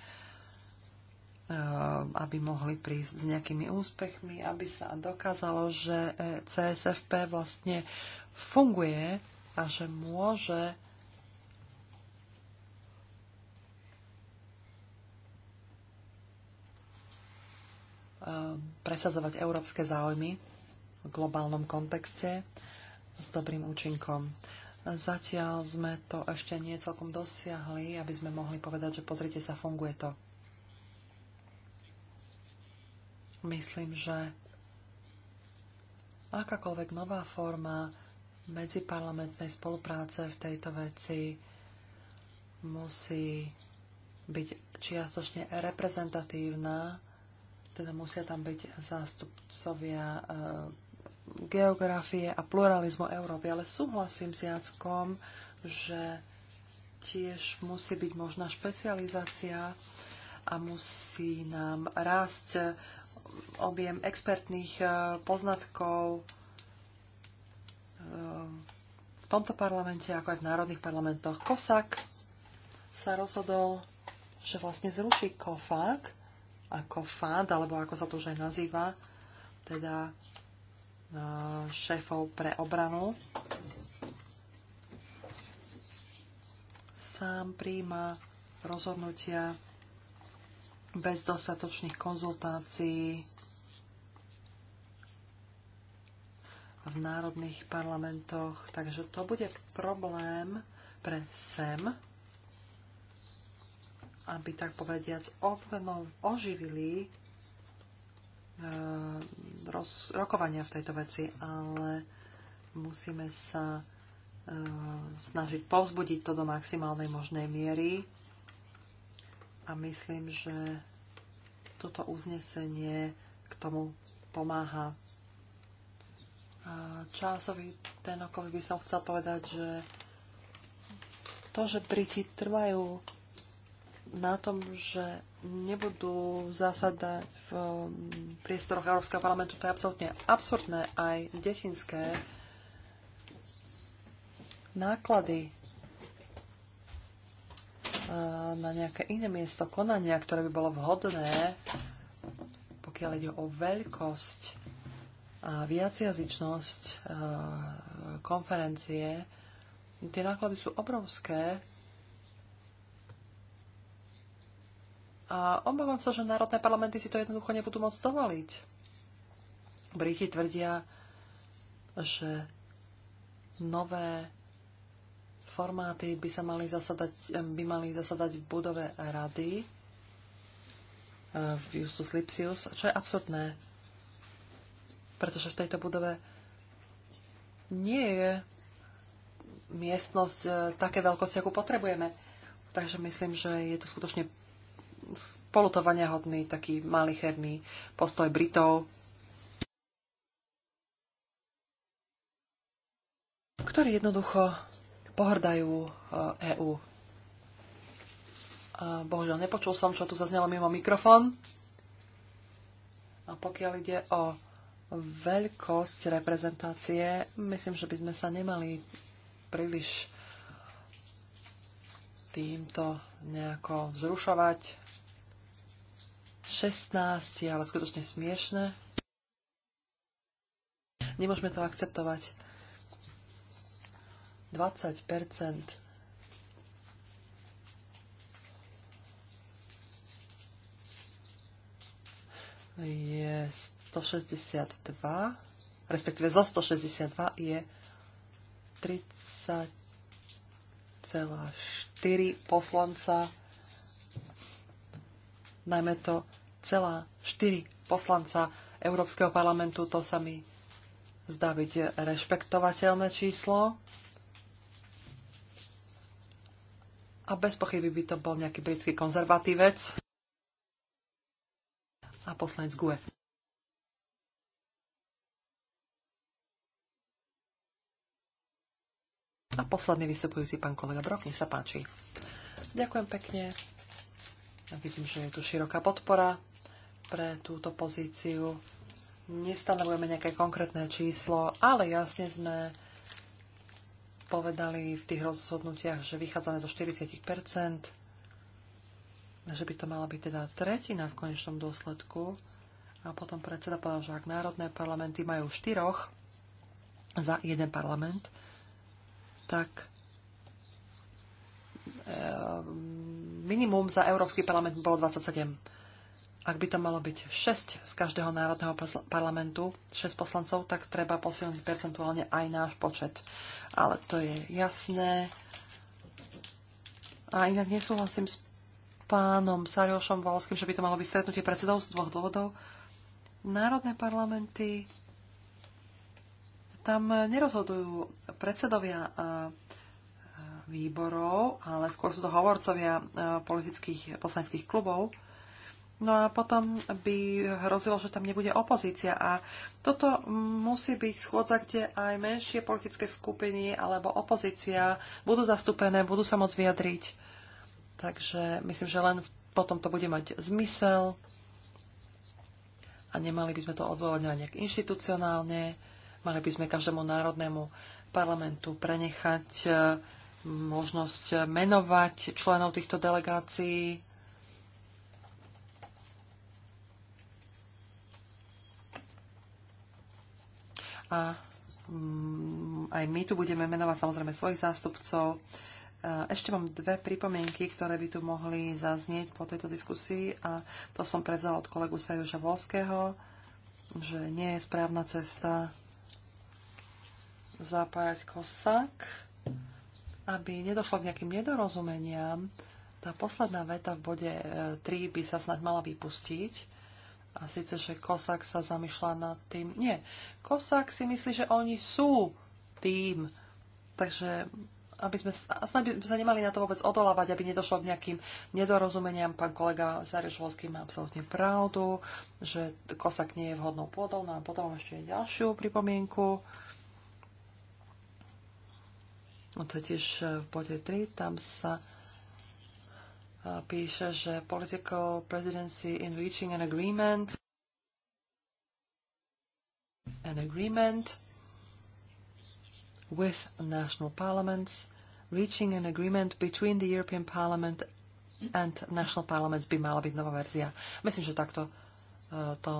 aby mohli prísť s nejakými úspechmi, aby sa dokázalo, že eh, CSFP vlastne funguje a že môže eh, presazovať európske záujmy v globálnom kontexte s dobrým účinkom. Zatiaľ sme to ešte nie celkom dosiahli, aby sme mohli povedať, že pozrite sa, funguje to. Myslím, že akákoľvek nová forma medziparlamentnej spolupráce v tejto veci musí byť čiastočne reprezentatívna, teda musia tam byť zástupcovia eh, geografie a pluralizmu Európy, ale súhlasím s Jackom, že tiež musí byť možná špecializácia a musí nám rásť objem expertných eh, poznatkov eh, v tomto parlamente, ako aj v národných parlamentoch. Kosak sa rozhodol, že vlastne zruší kofak ako fád, alebo ako sa to už aj nazýva, teda Eh, šéfov pre obranu. Sám príjma rozhodnutia bez dostatočných konzultácií v národných parlamentoch. Takže to bude problém pre SEM, aby tak povediac oživili Eh, roz, rokovania v tejto veci, ale musíme sa eh, snažiť povzbudiť to do maximálnej možnej miery. A myslím, že toto uznesenie k tomu pomáha. A časovi ten okolo by som chcel povedať, že to, že Briti trvajú na tom, že nebudú zasadať v um, priestoroch Európskeho parlamentu. To je absolútne absurdné, aj detinské náklady uh, na nejaké iné miesto konania, ktoré by bolo vhodné, pokiaľ ide o veľkosť a viacjazyčnosť uh, konferencie. Tie náklady sú obrovské A obávam sa, že národné parlamenty si to jednoducho nebudú môcť dovoliť. Briti tvrdia, že nové formáty by sa mali zasadať, by mali zasadať v budove rady e, v Justus Lipsius, čo je absurdné, pretože v tejto budove nie je miestnosť e, také veľkosti, akú potrebujeme. Takže myslím, že je to skutočne polutovania hodný, taký malicherný postoj Britov, ktorí jednoducho pohrdajú EÚ. E bohužiaľ, nepočul som, čo tu zaznelo mimo mikrofón. A pokiaľ ide o veľkosť reprezentácie, myslím, že by sme sa nemali príliš týmto nejako vzrušovať. 16 ale skutočne smiešne. Nemôžeme to akceptovať. 20 je 162, respektíve zo 162 je 30,4 poslanca. Najmä to poslanca Európskeho parlamentu. To sa mi zdá byť rešpektovateľné číslo. A bez pochyby by to bol nejaký britský konzervatívec a poslanec GUE. A posledný vystupujúci pán kolega Brok, nech sa páči. Ďakujem pekne. a vidím, že je tu široká podpora pre túto pozíciu. Nestanovujeme nejaké konkrétne číslo, ale jasne sme povedali v tých rozhodnutiach, že vychádzame zo 40 že by to mala byť teda tretina v konečnom dôsledku. A potom predseda povedal, že ak národné parlamenty majú štyroch za jeden parlament, tak eh, minimum za Európsky parlament bolo 27 ak by to malo byť 6 z každého národného parlamentu, 6 poslancov, tak treba posilniť percentuálne aj náš počet. Ale to je jasné. A inak nesúhlasím s pánom Sariošom Volským, že by to malo byť stretnutie predsedov z dvoch dôvodov. Národné parlamenty, tam nerozhodujú predsedovia výborov, ale skôr sú to hovorcovia politických poslaneckých klubov. No a potom by hrozilo, že tam nebude opozícia. A toto musí byť schôdza, kde aj menšie politické skupiny alebo opozícia budú zastúpené, budú sa môcť vyjadriť. Takže myslím, že len potom to bude mať zmysel a nemali by sme to odôvodňovať nejak inštitucionálne. Mali by sme každému národnému parlamentu prenechať eh, možnosť menovať členov týchto delegácií A mm, aj my tu budeme menovať samozrejme svojich zástupcov. Ešte mám dve pripomienky, ktoré by tu mohli zaznieť po tejto diskusii a to som prevzala od kolegu Sajuša Volského, že nie je správna cesta zapájať kosak, aby nedošlo k nejakým nedorozumeniam. Tá posledná veta v bode 3 e, by sa snad mala vypustiť a síce, že kosák sa zamýšľa nad tým. Nie, Kosák si myslí, že oni sú tým. Takže aby sme, snad by sa nemali na to vôbec odolávať, aby nedošlo k nejakým nedorozumeniam. Pán kolega Záriš Volský má absolútne pravdu, že kosák nie je vhodnou pôdou. No a potom ešte ďalšiu pripomienku. No to tiež v bode 3, tam sa píše, že political presidency in reaching an agreement an agreement with national parliaments reaching an agreement between the European Parliament and national parliaments by mala byť nová verzia. Myslím, že takto e, to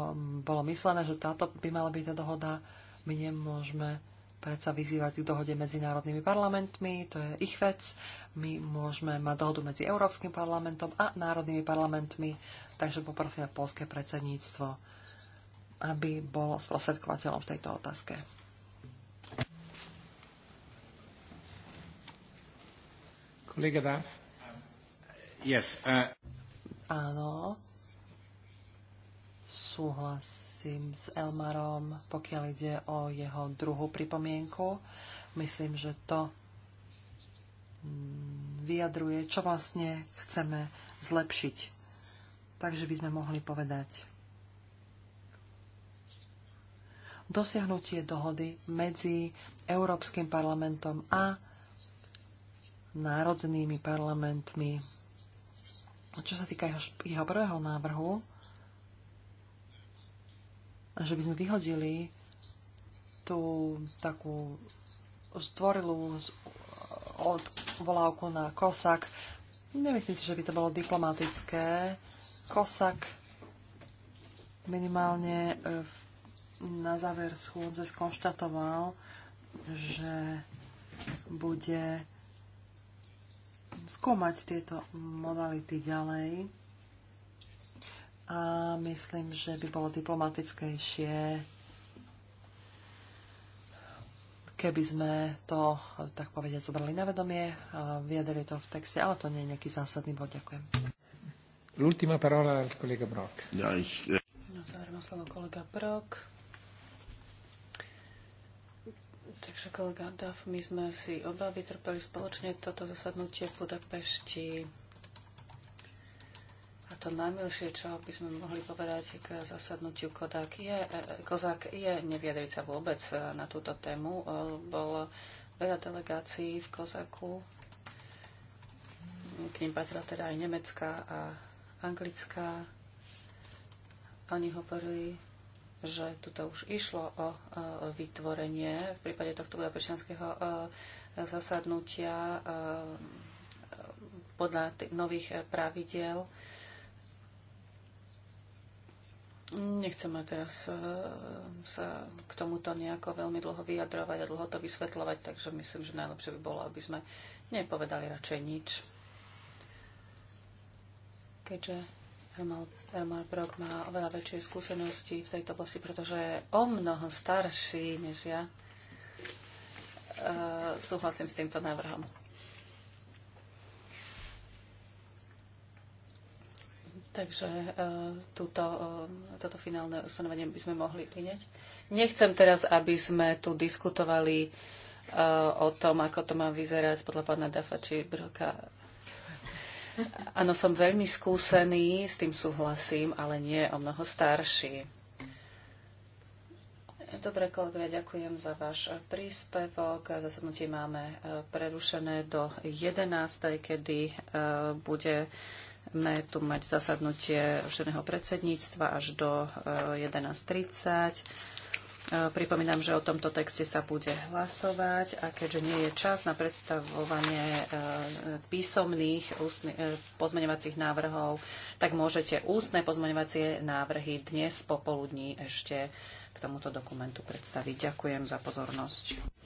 bolo myslené, že táto by mala byť tá dohoda. My nemôžeme predsa vyzývať k dohode medzi národnými parlamentmi, to je ich vec. My môžeme mať dohodu medzi Európskym parlamentom a národnými parlamentmi, takže poprosíme polské predsedníctvo, aby bolo sprostredkovateľom v tejto otázke. Kolega Dáv? Yes, uh... Áno. Súhlas súhlasím s Elmarom, pokiaľ ide o jeho druhú pripomienku. Myslím, že to mm, vyjadruje, čo vlastne chceme zlepšiť. Takže by sme mohli povedať. Dosiahnutie dohody medzi Európskym parlamentom a národnými parlamentmi. Čo sa týka jeho, jeho prvého návrhu, a že by sme vyhodili tú takú stvorilú volávku na kosak. Nemyslím si, že by to bolo diplomatické. Kosak minimálne e, na záver schôdze skonštatoval, že bude skúmať tieto modality ďalej a myslím, že by bolo diplomatickejšie, keby sme to, tak povediať, zobrali na vedomie a vyjadrili to v texte, ale to nie je nejaký zásadný bod. Ďakujem. L'ultima parola al kolega Brock. Ja, ich... No, záver slovo kolega Brock. Takže kolega Duff, my sme si oba vytrpeli spoločne toto zasadnutie v Budapešti to najmilšie, čo by sme mohli povedať k zasadnutiu Kodák. je, Kozák je e, neviedriť sa vôbec e, na túto tému. E, Bol veľa delegácií v Kozaku, K ním patrila teda aj nemecká a anglická. Oni hovorili, že tuto už išlo o vytvorenie v prípade tohto budapešťanského zasadnutia podľa nových pravidiel Nechceme teraz eh, sa k tomuto nejako veľmi dlho vyjadrovať a dlho to vysvetľovať, takže myslím, že najlepšie by bolo, aby sme nepovedali radšej nič. Keďže Hermal Elmar Brock má oveľa väčšie skúsenosti v tejto oblasti, pretože je o mnoho starší než ja. Eh, súhlasím s týmto návrhom. Takže e, túto, e, toto finálne ustanovenie by sme mohli vyňať. Nechcem teraz, aby sme tu diskutovali e, o tom, ako to má vyzerať podľa pána Dafa či Broka. Áno, som veľmi skúsený, s tým súhlasím, ale nie o mnoho starší. Dobre, kolegovia, ďakujem za váš príspevok. Zasadnutie máme prerušené do 11. kedy bude budeme tu mať zasadnutie všetného predsedníctva až do 11.30. Eh, eh, pripomínam, že o tomto texte sa bude hlasovať a keďže nie je čas na predstavovanie eh, písomných pozmeňovacích návrhov, tak môžete ústne pozmeňovacie návrhy dnes popoludní ešte k tomuto dokumentu predstaviť. Ďakujem za pozornosť.